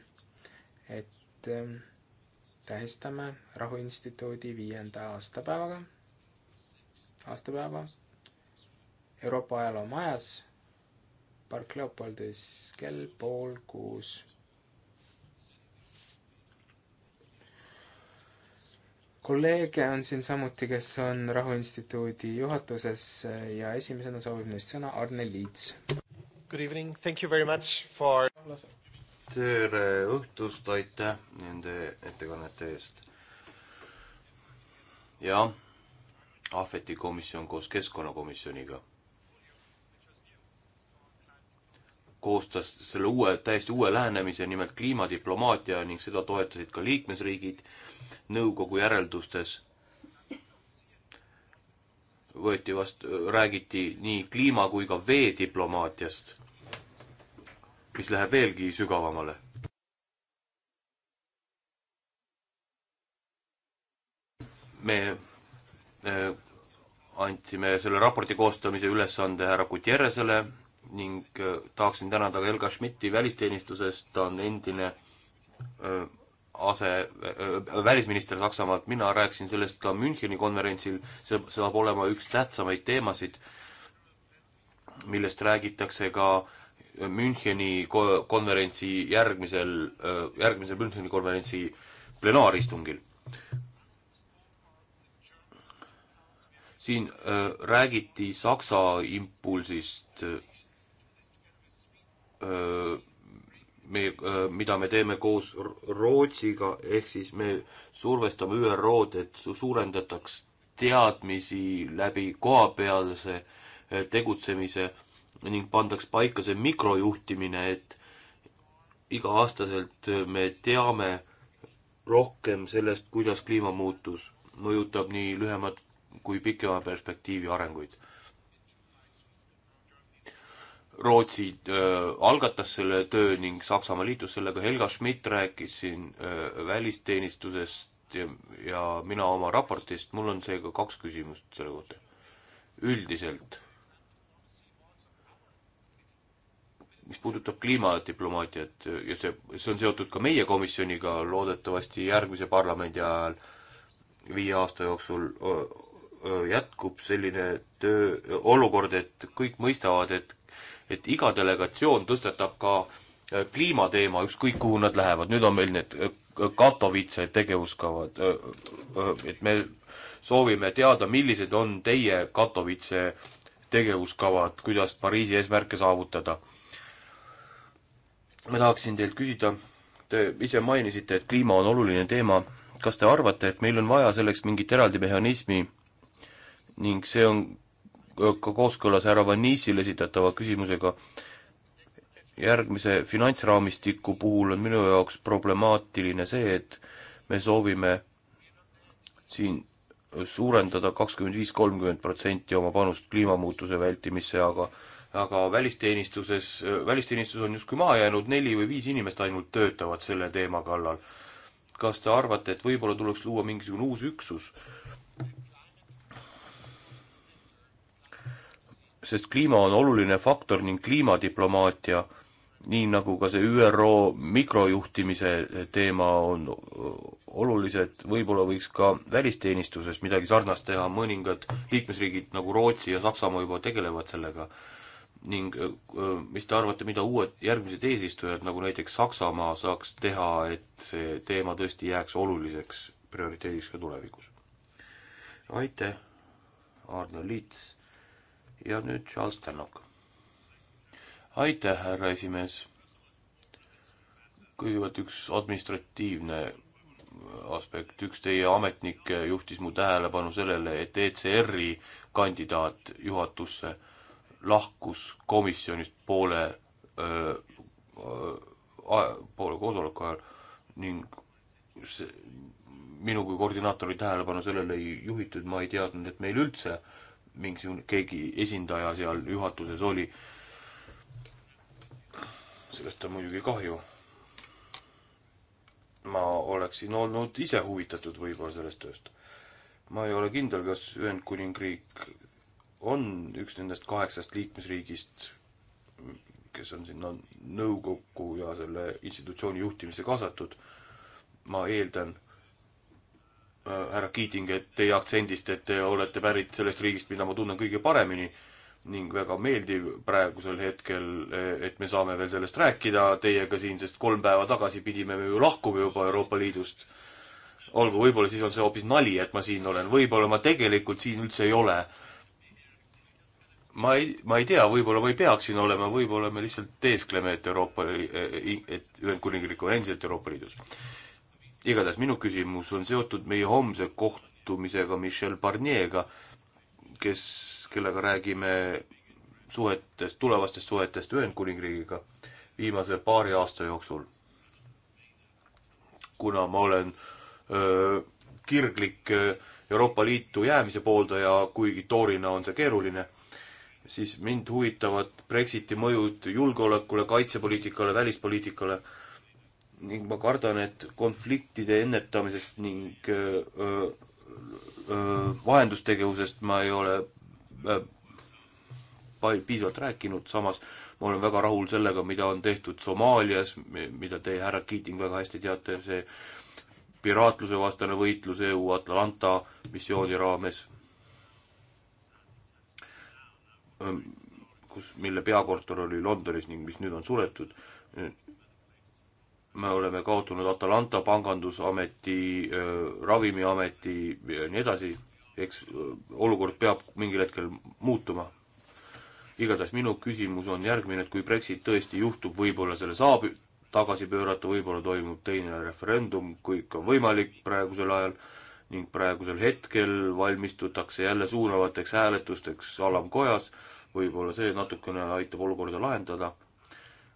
et ähm, tähistame Rahuinstituudi viienda aastapäevaga, aastapäeva Euroopa ajaloo majas, Park Leopoldis kell pool kuus. kolleege on siin samuti, kes on Rahuinstituudi juhatuses ja esimesena soovib neist sõna Arne Liits. Good evening, thank you very much for tere õhtust, aitäh nende ettekannete eest. jah, Ahveti komisjon koos keskkonnakomisjoniga koostas selle uue, täiesti uue lähenemise, nimelt kliimadiplomaatia ning seda toetasid ka liikmesriigid nõukogu järeldustes võeti vastu, räägiti nii kliima kui ka veediplomaatiast, mis läheb veelgi sügavamale. me äh, andsime selle raporti koostamise ülesande härra Gutierrezele ning äh, tahaksin tänada ka Helga Schmidti välisteenistusest, ta on endine äh, ase, välisminister Saksamaalt, mina rääkisin sellest ka Müncheni konverentsil, see saab olema üks tähtsamaid teemasid, millest räägitakse ka Müncheni ko-, konverentsi järgmisel, järgmisel Müncheni konverentsi plenaaristungil. siin äh, räägiti Saksa impulsist äh, me, äh, mida me teeme koos Rootsiga, ehk siis me survestame ÜRO-d, et suurendataks teadmisi läbi kohapealse äh, tegutsemise ning pandaks paika see mikrojuhtimine, et iga-aastaselt äh, me teame rohkem sellest, kuidas kliimamuutus mõjutab nii lühemat kui pikema perspektiivi arenguid Rootsi öö, algatas selle töö ning Saksamaa liitus sellega, Helga Schmidt rääkis siin öö, välisteenistusest ja, ja mina oma raportist, mul on seega kaks küsimust selle kohta. üldiselt, mis puudutab kliimadiplomaatiat ja see, see on seotud ka meie komisjoniga, loodetavasti järgmise parlamendi ajal viie aasta jooksul öö, jätkub selline töö, olukord, et kõik mõistavad, et et iga delegatsioon tõstatab ka äh, kliimateema, ükskõik kuhu nad lähevad, nüüd on meil need äh, Katowice tegevuskavad, äh, et me soovime teada, millised on teie Katowice tegevuskavad, kuidas Pariisi eesmärke saavutada. ma tahaksin teilt küsida, te ise mainisite, et kliima on oluline teema, kas te arvate, et meil on vaja selleks mingit eraldi mehhanismi ning see on ka kooskõlas härra Vanisile esitatava küsimusega. järgmise finantsraamistiku puhul on minu jaoks problemaatiline see, et me soovime siin suurendada kakskümmend viis, kolmkümmend protsenti oma panust kliimamuutuse vältimisse, aga aga välisteenistuses, välisteenistus on justkui maha jäänud, neli või viis inimest ainult töötavad selle teema kallal. kas te arvate, et võib-olla tuleks luua mingisugune uus üksus, sest kliima on oluline faktor ning kliimadiplomaatia, nii nagu ka see ÜRO mikrojuhtimise teema on olulised, võib-olla võiks ka välisteenistuses midagi sarnast teha, mõningad liikmesriigid nagu Rootsi ja Saksamaa juba tegelevad sellega. ning äh, äh, mis te arvate, mida uued järgmised eesistujad, nagu näiteks Saksamaa, saaks teha, et see teema tõesti jääks oluliseks prioriteediks ka tulevikus? aitäh, Arno Liits ja nüüd Charles Tannock. aitäh, härra esimees. kõigepealt üks administratiivne aspekt, üks teie ametnik juhtis mu tähelepanu sellele, et ECR-i kandidaat juhatusse lahkus komisjonist poole öö, öö, poole koosoleku ajal ning see, minu kui koordinaatori tähelepanu sellele ei juhitud, ma ei teadnud, et meil üldse öö, mingisugune, keegi esindaja seal juhatuses oli. sellest on muidugi kahju. ma oleksin olnud ise huvitatud võib-olla sellest tööst. ma ei ole kindel, kas Ühendkuningriik on üks nendest kaheksast liikmesriigist, kes on sinna nõukokku ja selle institutsiooni juhtimisse kaasatud. ma eeldan Äh, härra Keating, et teie aktsendist, et te olete pärit sellest riigist, mida ma tunnen kõige paremini ning väga meeldiv praegusel hetkel, äh, et me saame veel sellest rääkida teiega siin, sest kolm päeva tagasi pidime me ju lahkuma juba Euroopa Liidust. olgu, võib-olla siis on see hoopis nali, et ma siin olen, võib-olla ma tegelikult siin üldse ei ole. ma ei, ma ei tea, võib-olla ma ei peaks siin olema, võib-olla me lihtsalt teeskleme, et Euroopa, äh, et Ühendkuningriik on endiselt Euroopa Liidus igatahes minu küsimus on seotud meie homse kohtumisega Michel Barnier'ga, kes, kellega räägime suhetest, tulevastest suhetest Ühendkuningriigiga viimase paari aasta jooksul. kuna ma olen öö, kirglik Euroopa Liitu jäämise pooldaja, kuigi toorina on see keeruline, siis mind huvitavad Brexiti mõjud julgeolekule, kaitsepoliitikale, välispoliitikale ning ma kardan, et konfliktide ennetamisest ning öö, öö, vahendustegevusest ma ei ole öö, piisavalt rääkinud, samas ma olen väga rahul sellega, mida on tehtud Somaalias, mida teie, härra Keating, väga hästi teate, see piraatluse vastane võitlus EU Atalanta missiooni raames, kus, mille peakorter oli Londonis ning mis nüüd on suletud, me oleme kaotanud Atalanta pangandusameti, ravimiameti ja nii edasi, eks olukord peab mingil hetkel muutuma. igatahes minu küsimus on järgmine, et kui Brexit tõesti juhtub, võib-olla selle saab tagasi pöörata, võib-olla toimub teine referendum, kõik on võimalik praegusel ajal ning praegusel hetkel valmistutakse jälle suunavateks hääletusteks alamkojas, võib-olla see natukene aitab olukorda lahendada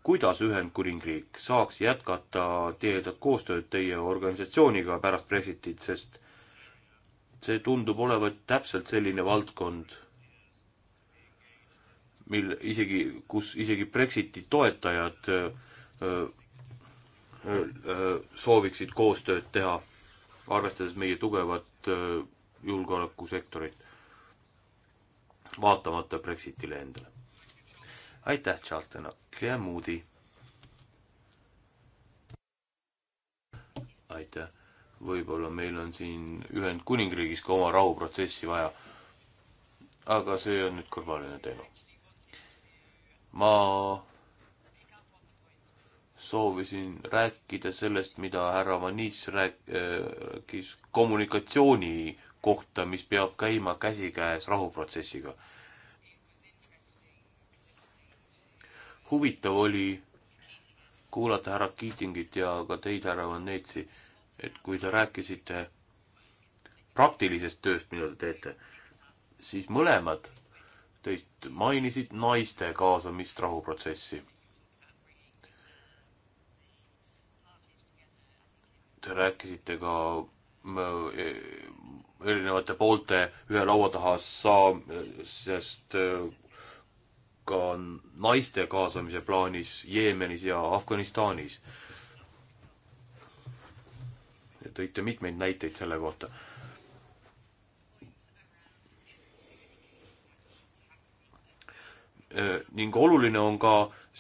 kuidas Ühendkuningriik saaks jätkata tihedat koostööd teie organisatsiooniga pärast Brexitit, sest see tundub olevat täpselt selline valdkond, mil isegi, kus isegi Brexiti toetajad öö, äh, öö, äh, äh, sooviksid koostööd teha, arvestades meie tugevat öö, julgeolekusektorit, vaatamata Brexitile endale aitäh, Charles Teno, Claire Moody. aitäh, võib-olla meil on siin Ühendkuningriigis ka oma rahuprotsessi vaja. aga see on nüüd kõrvaline teema. ma soovisin rääkida sellest, mida härra Vanis rääkis kommunikatsiooni kohta, mis peab käima käsikäes rahuprotsessiga huvitav oli kuulata härra Keatingit ja ka teid, härra Van Neitsi, et kui te rääkisite praktilisest tööst, mida te teete, siis mõlemad teist mainisid naiste kaasamist rahuprotsessi. Te rääkisite ka äh, erinevate poolte ühe laua taha saamisest äh, ka naiste kaasamise plaanis Jeemenis ja Afganistanis. tõite mitmeid näiteid selle kohta. Äh, ning oluline on ka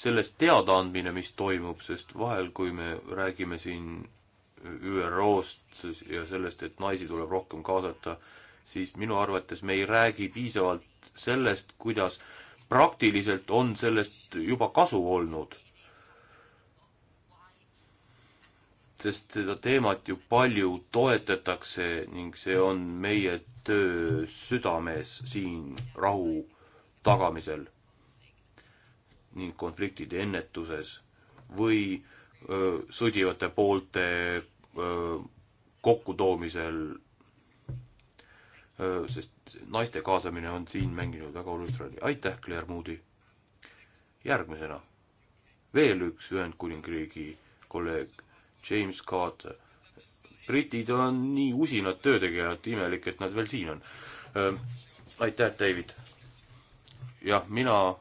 sellest teadaandmine, mis toimub, sest vahel, kui me räägime siin ÜRO-st ja sellest, et naisi tuleb rohkem kaasata, siis minu arvates me ei räägi piisavalt sellest, kuidas äh, praktiliselt on sellest juba kasu olnud. sest seda teemat ju palju toetatakse ning see on meie töö südames siin rahu tagamisel ning konfliktide ennetuses või öö, sõdivate poolte öö, kokkutoomisel sest naiste kaasamine on siin mänginud väga olulist rolli. aitäh, Claire Moody! järgmisena veel üks Ühendkuningriigi kolleeg, James Carter. britid on nii usinad töötegijad, imelik, et nad veel siin on. aitäh, David! jah, mina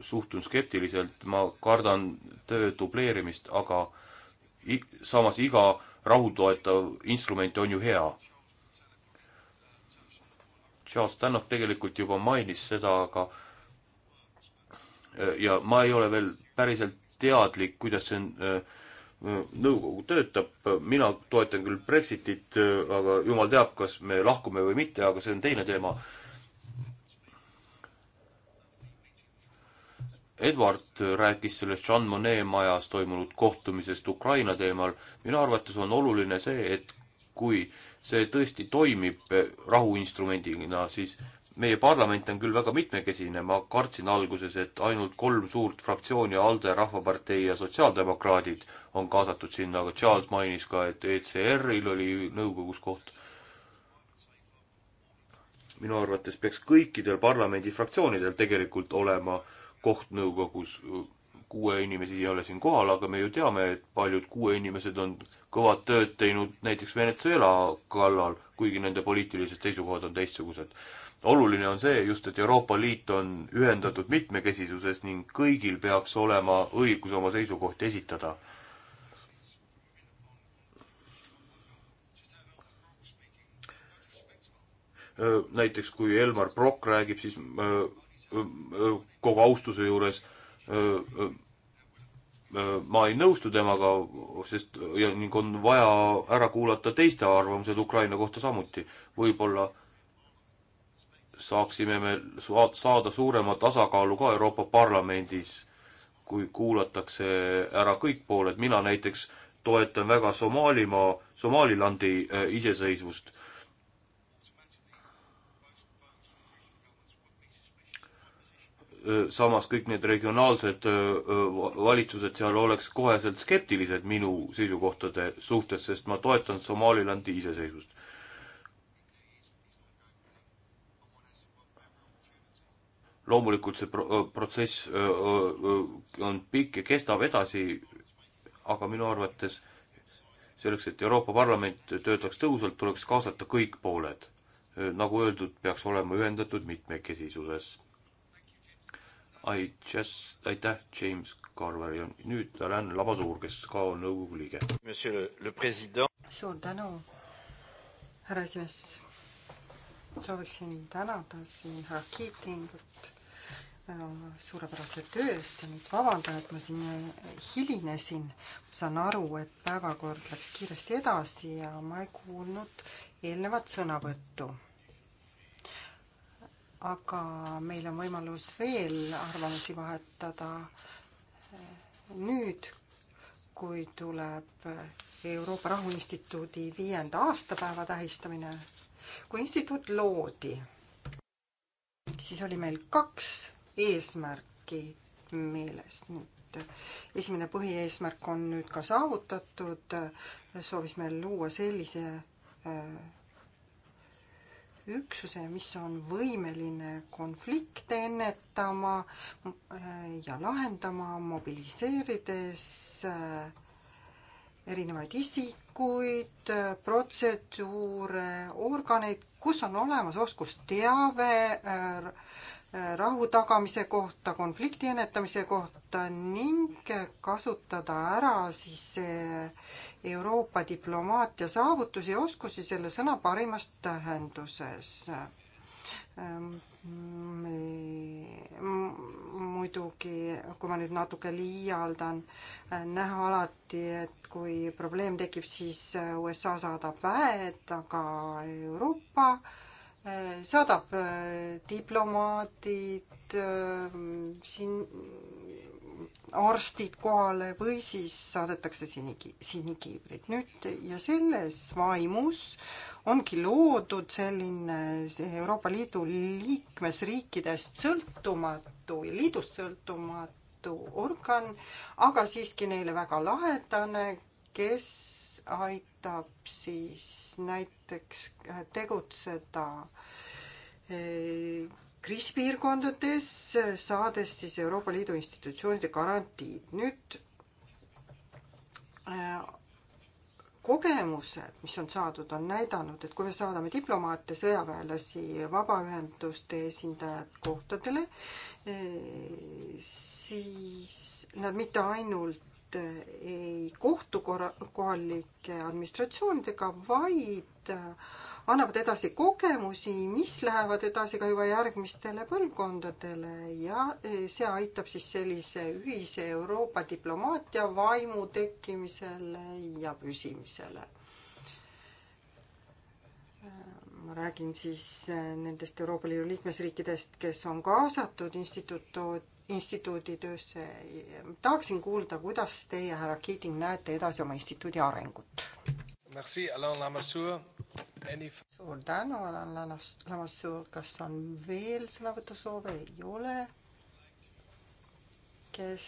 suhtun skeptiliselt, ma kardan töö dubleerimist, aga samas iga rahu toetav instrument on ju hea Charles Tannock tegelikult juba mainis seda, aga äh, ja ma ei ole veel päriselt teadlik, kuidas see on, äh, äh, nõukogu töötab, mina toetan küll Brexitit, aga jumal teab, kas me lahkume või mitte, aga see on teine teema. Edward rääkis sellest Jean Monnet majas toimunud kohtumisest Ukraina teemal. minu arvates on oluline see, et kui äh, see tõesti toimib eh, rahuinstrumendina, siis meie parlament on küll väga mitmekesine, ma kartsin alguses, et ainult kolm suurt fraktsiooni, ALDE, Rahvapartei ja Sotsiaaldemokraadid on kaasatud sinna, aga Charles mainis ka, et ECR-il oli nõukogus koht. minu arvates peaks kõikidel parlamendifraktsioonidel tegelikult olema koht nõukogus kuue inimesi ei ole siin kohal, aga me ju teame, et paljud kuue inimesed on kõvat tööd teinud näiteks Venezuela kallal, kuigi nende poliitilised seisukohad on teistsugused. oluline on see just, et Euroopa Liit on ühendatud mitmekesisuses ning kõigil peaks olema õigus oma seisukohti esitada. näiteks kui Elmar Brok räägib, siis äh, äh, kogu austuse juures ma ei nõustu temaga, sest ja ning on vaja ära kuulata teiste arvamused Ukraina kohta samuti. võib-olla saaksime me saada suurema tasakaalu ka Euroopa Parlamendis, kui kuulatakse ära kõik pooled, mina näiteks toetan väga Somaalimaa, Somaalilandi äh, iseseisvust samas kõik need regionaalsed valitsused seal oleks koheselt skeptilised minu seisukohtade suhtes, sest ma toetan Somaalilandi iseseisvust. loomulikult see pro-, protsess on pikk ja kestab edasi, aga minu arvates selleks, et Euroopa Parlament töötaks tõhusalt, tuleks kaasata kõik pooled. nagu öeldud, peaks olema ühendatud mitmekesisuses Just, aitäh James Carver ja nüüd Alain Labasuur, kes ka on nõukogu liige. suur tänu, härra esimees. sooviksin tänada siin härra Keatingut äh, suurepärase töö eest ja nüüd vabandan, et ma siin äh, hilinesin. ma saan aru, et päevakord läks kiiresti edasi ja ma ei kuulnud eelnevat sõnavõttu aga meil on võimalus veel arvamusi vahetada nüüd, kui tuleb Euroopa Rahu Instituudi viienda aastapäeva tähistamine. kui instituut loodi, siis oli meil kaks eesmärki meeles nüüd esimene põhieesmärk on nüüd ka saavutatud, soovisime luua sellise äh, üksuse, mis on võimeline konflikte ennetama äh, ja lahendama, mobiliseerides äh, erinevaid isikuid, äh, protseduure, organeid, kus on olemas oskusteave, rahu tagamise kohta, konflikti ennetamise kohta ning kasutada ära siis Euroopa diplomaatia saavutusi ja oskusi selle sõna parimas tähenduses. muidugi, kui ma nüüd natuke liialdan, näha alati, et kui probleem tekib, siis USA saadab väed, aga Euroopa äh, saadab äh, diplomaadid äh, siin, arstid kohale või siis saadetakse sinigi, sinikiivrid. nüüd ja selles vaimus ongi loodud selline Euroopa Liidu liikmesriikidest sõltumatu, liidust sõltumatu organ, aga siiski neile väga lahedane, kes aitab siis näiteks tegutseda eh, kriisipiirkondades, saades siis Euroopa Liidu institutsioonide garantiid. nüüd eh, kogemused, mis on saadud, on näidanud, et kui me saadame diplomaate, sõjaväelasi, vabaühenduste esindajad kohtadele, eh, siis nad mitte ainult Äh, ei kohtu korra-, kohalike administratsioonidega, vaid äh, annavad edasi kogemusi, mis lähevad edasi ka juba järgmistele põlvkondadele ja äh, see aitab siis sellise ühise Euroopa diplomaatia vaimu tekkimisele ja püsimisele. ma räägin siis nendest Euroopa Liidu liikmesriikidest, kes on kaasatud instituut instituudi töösse. tahaksin kuulda, kuidas teie, härra Keating, näete edasi oma instituudi arengut? Any... suur tänu, Alan Lamassoor, kas on veel sõnavõtusoove, ei ole? kes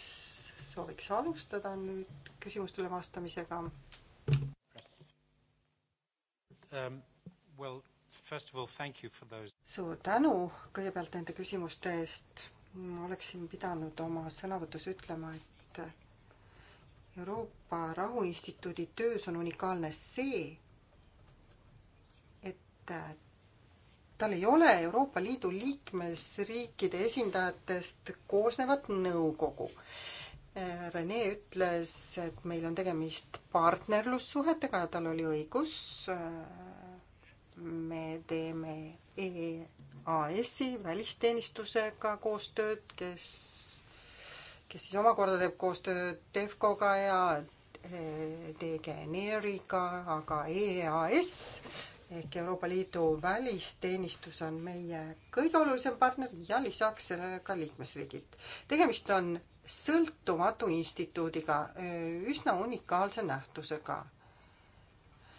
sooviks alustada nüüd küsimustele vastamisega? Um, well, those... suur tänu kõigepealt nende küsimuste eest ma oleksin pidanud oma sõnavõtus ütlema, et Euroopa Rahuinstituudi töös on unikaalne see, et tal ei ole Euroopa Liidu liikmesriikide esindajatest koosnevat nõukogu. Rene ütles, et meil on tegemist partnerlussuhetega ja tal oli õigus. me teeme e AS-i välisteenistusega koostööd, kes, kes siis omakorda teeb koostööd Defcoga ja eh, DGNR-iga, aga EAS ehk Euroopa Liidu välisteenistus on meie kõige olulisem partner ja lisaks sellele ka liikmesriigid. tegemist on sõltumatu instituudiga, eh, üsna unikaalse nähtusega.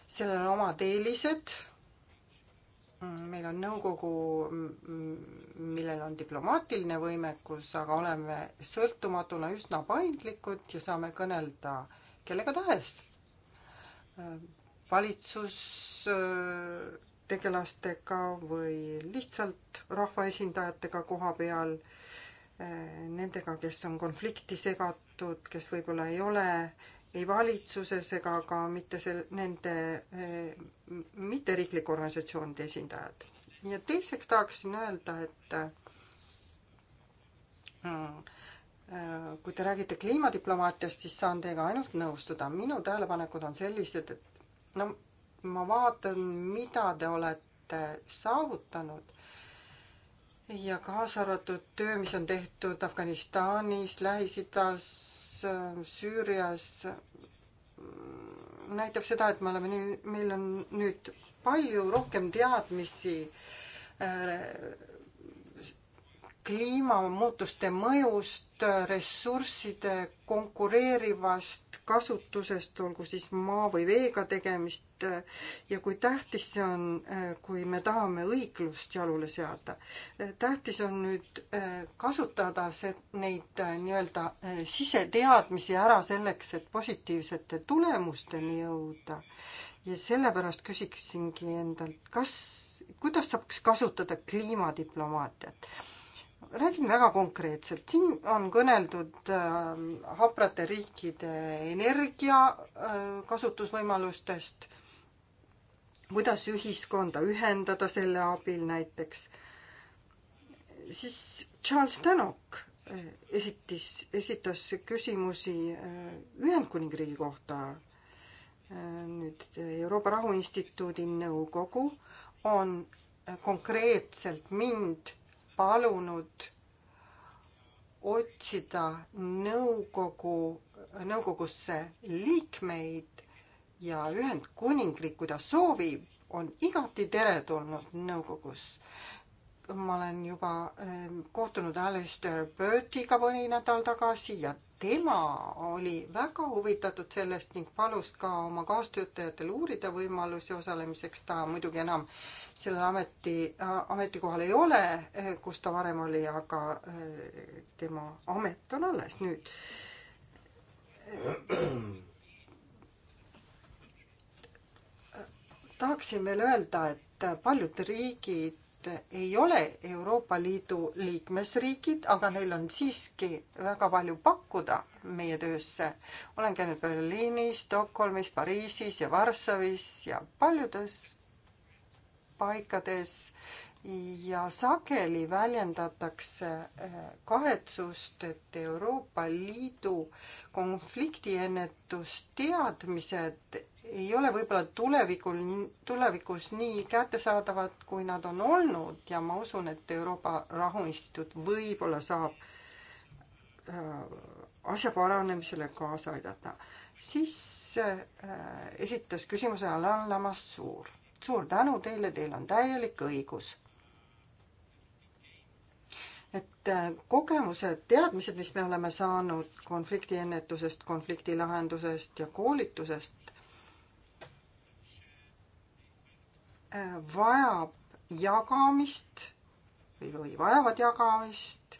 sellel on omad eelised Mm, meil on nõukogu, mm, millel on diplomaatiline võimekus, aga oleme sõltumatuna üsna paindlikud ja saame kõnelda kellega tahes. Äh, valitsustegelastega äh, või lihtsalt rahvaesindajatega koha peal, äh, nendega, kes on konflikti segatud, kes võib-olla ei ole ei valitsuses ega ka mitte sel-, nende eh, mitteriiklike organisatsioonide esindajad. ja teiseks tahaksin öelda, et hmm, eh, kui te räägite kliimadiplomaatiast, siis saan teiega ainult nõustuda. minu tähelepanekud on sellised, et no ma vaatan, mida te olete saavutanud ja kaasa arvatud töö, mis on tehtud Afganistanis, Lähis-Idas, Süürias mm, näitab seda, et me oleme nüüd, meil on nüüd palju rohkem teadmisi äh, kliimamuutuste mõjust, ressursside konkureerivast kasutusest, olgu siis maa või veega tegemist ja kui tähtis see on, kui me tahame õiglust jalule seada. tähtis on nüüd kasutada see, neid äh, nii-öelda äh, siseteadmisi ära selleks, et positiivsete tulemusteni jõuda. ja sellepärast küsiksingi endalt, kas, kuidas saaks kasutada kliimadiplomaatiat räägin väga konkreetselt, siin on kõneldud äh, haprate riikide energiakasutusvõimalustest äh,, kuidas ühiskonda ühendada selle abil näiteks, siis Charles Tannock äh, esitis, esitas küsimusi äh, Ühendkuningriigi kohta. Äh, nüüd Euroopa Rahu Instituudi nõukogu on konkreetselt mind palunud otsida nõukogu, nõukogusse liikmeid ja Ühendkuningriik, kui ta soovib, on igati teretulnud nõukogus ma olen juba ehm, kohtunud Alistair Birdiga mõni nädal tagasi ja tema oli väga huvitatud sellest ning palus ka oma kaastöötajatel uurida võimalusi osalemiseks. ta muidugi enam sellel ameti, ametikohal ei ole, eh, kus ta varem oli, aga eh, tema amet on alles nüüd. tahaksin veel öelda, et paljud riigid ei ole Euroopa Liidu liikmesriigid, aga neil on siiski väga palju pakkuda meie töösse. olen käinud Berliinis, Stockholmis, Pariisis ja Varssavis ja paljudes paikades ja sageli väljendatakse eh, kahetsust, et Euroopa Liidu konfliktiennetusteadmised ei ole võib-olla tulevikul, tulevikus nii kättesaadavad, kui nad on olnud ja ma usun, et Euroopa Rahuinstituut võib-olla saab äh, asja paranemisele kaasa aidata. siis äh, esitas küsimuse Alan Lamassuur. suur tänu teile, teil on täielik õigus. et äh, kogemused, teadmised, mis me oleme saanud konfliktiennetusest, konfliktilahendusest ja koolitusest, Äh, vajab jagamist või, või vajavad jagamist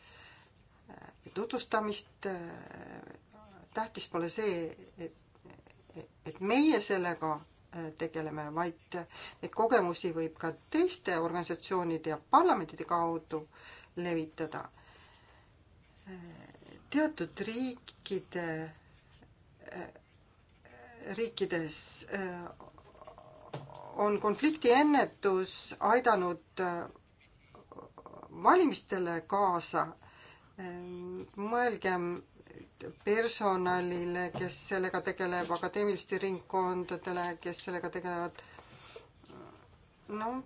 äh, ja tutvustamist. Äh, tähtis pole see, et, et meie sellega tegeleme, vaid neid kogemusi võib ka teiste organisatsioonide ja parlamentide kaudu levitada. teatud riikide, riikides on konfliktiennetus aidanud valimistele kaasa. mõelgem personalile, kes sellega tegeleb, akadeemiliste ringkondadele, kes sellega tegelevad. no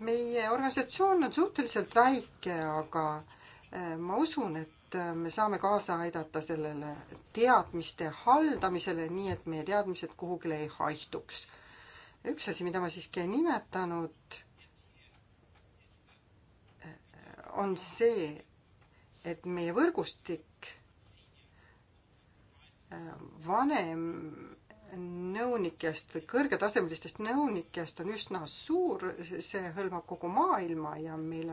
meie organisatsioon on suhteliselt väike, aga eh, ma usun, et eh, me saame kaasa aidata sellele teadmiste haldamisele, nii et meie teadmised kuhugile ei haihtuks üks asi, mida ma siiski ei nimetanud, on see, et meie võrgustik vanem nõunikest või kõrgetasemelistest nõunikest on üsna suur, see hõlmab kogu maailma ja meil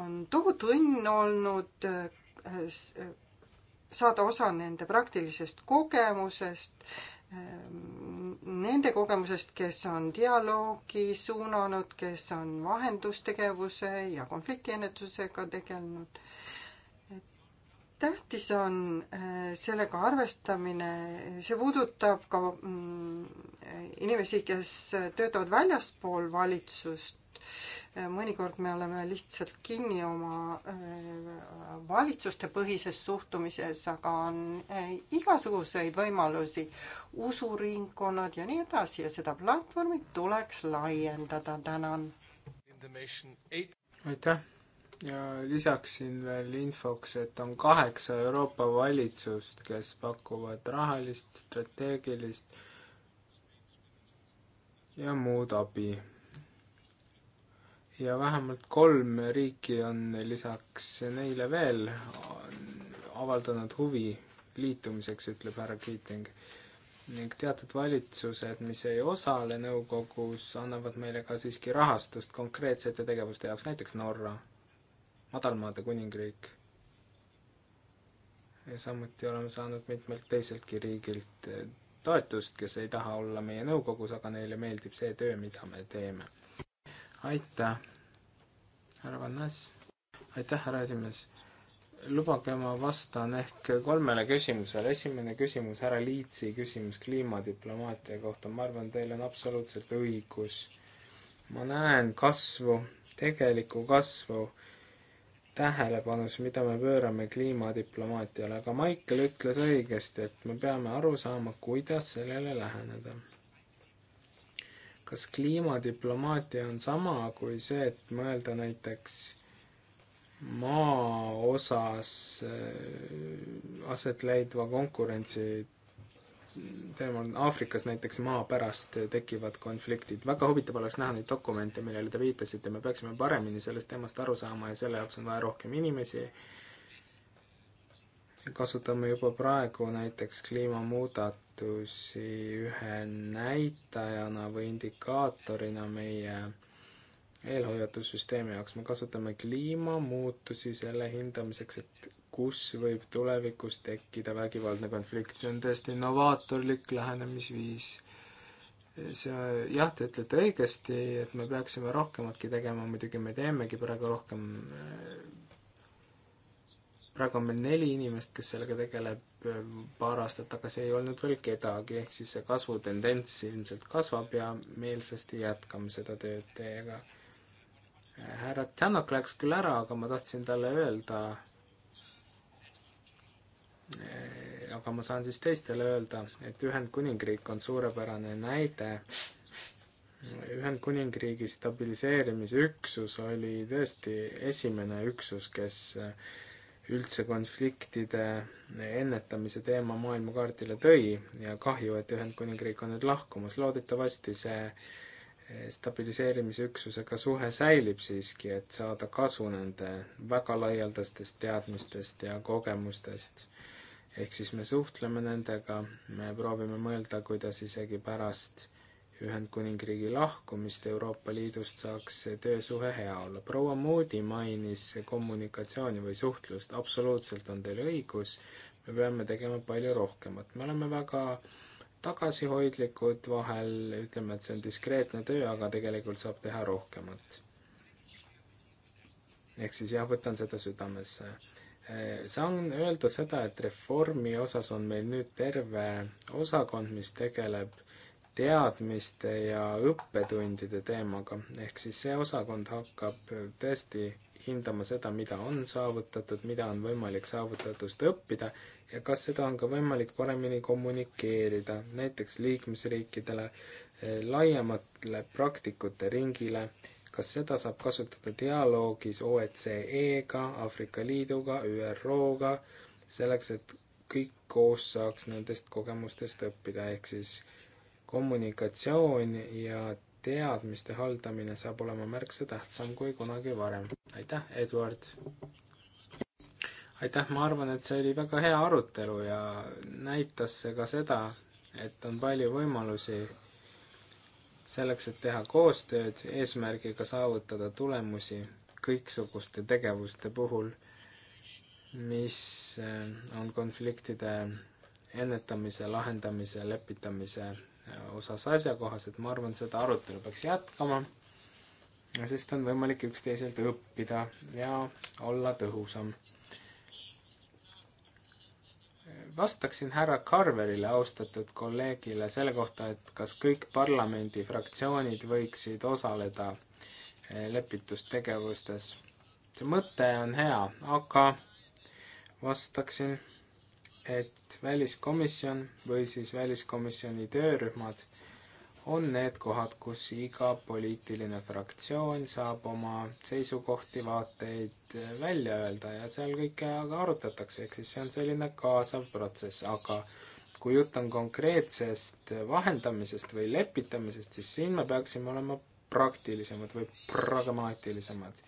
on tohutu õnn olnud äh, saada osa nende praktilisest kogemusest, Ehm, nende kogemusest, kes on dialoogi suunanud, kes on vahendustegevuse ja konfliktiennetusega tegelenud. tähtis on eh, sellega arvestamine, see puudutab ka mm, inimesi, kes töötavad väljaspool valitsust. Äh, mõnikord me oleme lihtsalt kinni oma äh, valitsuste põhises suhtumises, aga on äh, igasuguseid võimalusi, usuringkonnad ja nii edasi ja seda platvormi tuleks laiendada, tänan. aitäh ja lisaksin veel infoks, et on kaheksa Euroopa valitsust, kes pakuvad rahalist, strateegilist ja muud abi ja vähemalt kolm riiki on lisaks neile veel avaldanud huvi liitumiseks, ütleb härra Keating. ning teatud valitsused, mis ei osale nõukogus, annavad meile ka siiski rahastust konkreetsete tegevuste jaoks, näiteks Norra, Madalmaade kuningriik. ja samuti oleme saanud mitmelt teiseltki riigilt toetust, kes ei taha olla meie nõukogus, aga neile meeldib see töö, mida me teeme. aitäh! härra Vannas. aitäh, härra esimees. lubage, ma vastan ehk kolmele küsimusele. esimene küsimus, härra Liitsi küsimus kliimadiplomaatia kohta. ma arvan, teil on absoluutselt õigus. ma näen kasvu, tegelikku kasvu tähelepanus, mida me pöörame kliimadiplomaatiale, aga Maicel ütles õigesti, et me peame aru saama, kuidas sellele läheneda kas kliimadiplomaatia on sama kui see, et mõelda näiteks maa osas äh, aset leidva konkurentsi teemal, Aafrikas näiteks maa pärast tekivad konfliktid, väga huvitav oleks näha neid dokumente, millele te viitasite, me peaksime paremini sellest teemast aru saama ja selle jaoks on vaja rohkem inimesi, kasutame juba praegu näiteks kliimamuudat-, muudatusi ühe näitajana või indikaatorina meie eelhoiatussüsteemi jaoks, me kasutame kliimamuutusi selle hindamiseks, et kus võib tulevikus tekkida vägivaldne konflikt, see on tõesti novaatorlik lähenemisviis. see, jah, te ütlete õigesti, et me peaksime rohkematki tegema, muidugi me teemegi praegu rohkem, praegu on meil neli inimest, kes sellega tegeleb, Ehm, paar aastat tagasi ei olnud veel kedagi, ehk siis see kasvutendents ilmselt kasvab ja meelsasti jätkame seda tööd teiega. härra Tänak läks küll ära, aga ma tahtsin talle öelda, eh, aga ma saan siis teistele öelda, et Ühendkuningriik on suurepärane näide. Ühendkuningriigi stabiliseerimisüksus oli tõesti esimene üksus, kes äh, üldse konfliktide ennetamise teema maailmakaardile tõi ja kahju, et Ühendkuningriik on nüüd lahkumas, loodetavasti see eh, stabiliseerimisüksusega suhe säilib siiski, et saada kasu nende väga laialdastest teadmistest ja kogemustest. ehk siis me suhtleme nendega, me proovime mõelda, kuidas isegi pärast Ühendkuningriigi lahkumist Euroopa Liidust saaks see töösuhe hea olla. proua Moody mainis kommunikatsiooni või suhtlust, absoluutselt on teil õigus, me peame tegema palju rohkemat, me oleme väga tagasihoidlikud vahel, ütleme, et see on diskreetne töö, aga tegelikult saab teha rohkemat. ehk siis jah, võtan seda südamesse äh, saan öelda seda, et reformi osas on meil nüüd terve osakond, mis tegeleb teadmiste ja õppetundide teemaga, ehk siis see osakond hakkab tõesti hindama seda, mida on saavutatud, mida on võimalik saavutatust õppida ja kas seda on ka võimalik paremini kommunikeerida näiteks liikmesriikidele, eh, laiematele praktikute ringile, kas seda saab kasutada dialoogis OECD-ga, Aafrika Liiduga, ÜRO-ga, selleks, et kõik koos saaks nendest kogemustest õppida, ehk siis äh, kommunikatsioon ja teadmiste haldamine saab olema märksa tähtsam kui kunagi varem. aitäh, Eduard! aitäh, ma arvan, et see oli väga hea arutelu ja näitas see ka seda, et on palju võimalusi selleks, et teha koostööd eesmärgiga saavutada tulemusi kõiksuguste tegevuste puhul, mis eh, on konfliktide ennetamise, lahendamise, lepitamise osas asjakohased, ma arvan, seda arutelu peaks jätkama, sest on võimalik üksteiselt õppida ja olla tõhusam. vastaksin härra Carverile, austatud kolleegile, selle kohta, et kas kõik parlamendifraktsioonid võiksid osaleda eh, lepitustegevustes. see mõte on hea, aga vastaksin et väliskomisjon või siis väliskomisjoni töörühmad on need kohad, kus iga poliitiline fraktsioon saab oma seisukohti, vaateid välja öelda ja seal kõike aga arutatakse, ehk siis see on selline kaasav protsess, aga kui jutt on konkreetsest vahendamisest või lepitamisest, siis siin me peaksime olema praktilisemad või pragmaatilisemad.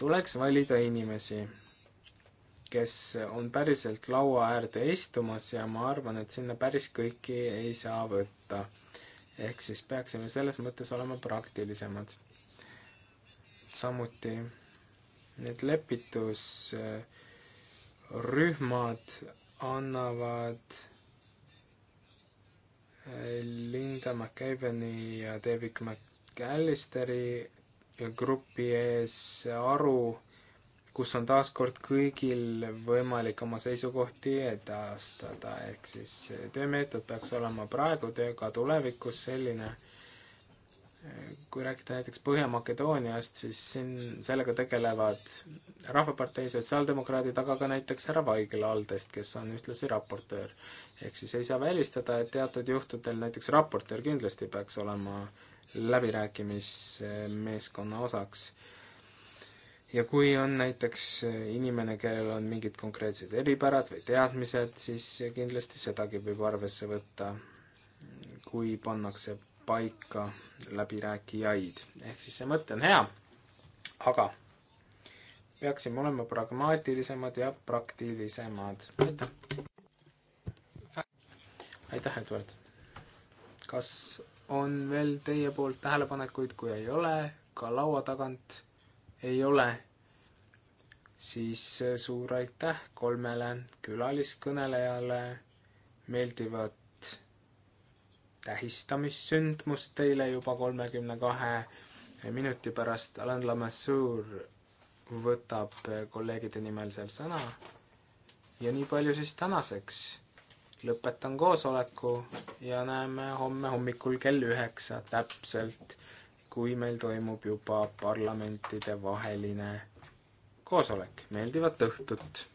tuleks valida inimesi kes on päriselt laua äärde istumas ja ma arvan, et sinna päris kõiki ei saa võtta. ehk siis peaksime selles mõttes olema praktilisemad. samuti need lepitusrühmad annavad eh, Linda McCaveni ja David McAllisteri grupi ees aru, kus on taaskord kõigil võimalik oma seisukohti edastada, ehk siis töömeetod peaks olema praegu töö ka tulevikus selline, kui rääkida näiteks Põhja-Makedooniast, siis siin sellega tegelevad Rahvapartei sotsiaaldemokraadid, aga ka näiteks härra Vaigel Aldest, kes on ühtlasi raportöör. ehk siis ei saa välistada, et teatud juhtudel näiteks raportöör kindlasti peaks olema läbirääkimismeeskonna osaks ja kui on näiteks äh, inimene, kellel on mingid konkreetsed eripärad või teadmised, siis äh, kindlasti sedagi võib arvesse võtta, kui pannakse paika läbirääkijaid. ehk siis see mõte on hea, aga peaksime olema pragmaatilisemad ja praktilisemad. aitäh! aitäh, Edward! kas on veel teie poolt tähelepanekuid, kui ei ole, ka laua tagant ei ole, siis äh, suur aitäh kolmele külaliskõnelejale, meeldivat tähistamissündmust teile juba kolmekümne kahe minuti pärast. Alain Lamassoor võtab äh, kolleegide nimel seal sõna. ja nii palju siis tänaseks. lõpetan koosoleku ja näeme homme hommikul kell üheksa täpselt kui meil toimub juba parlamentidevaheline koosolek. meeldivat õhtut!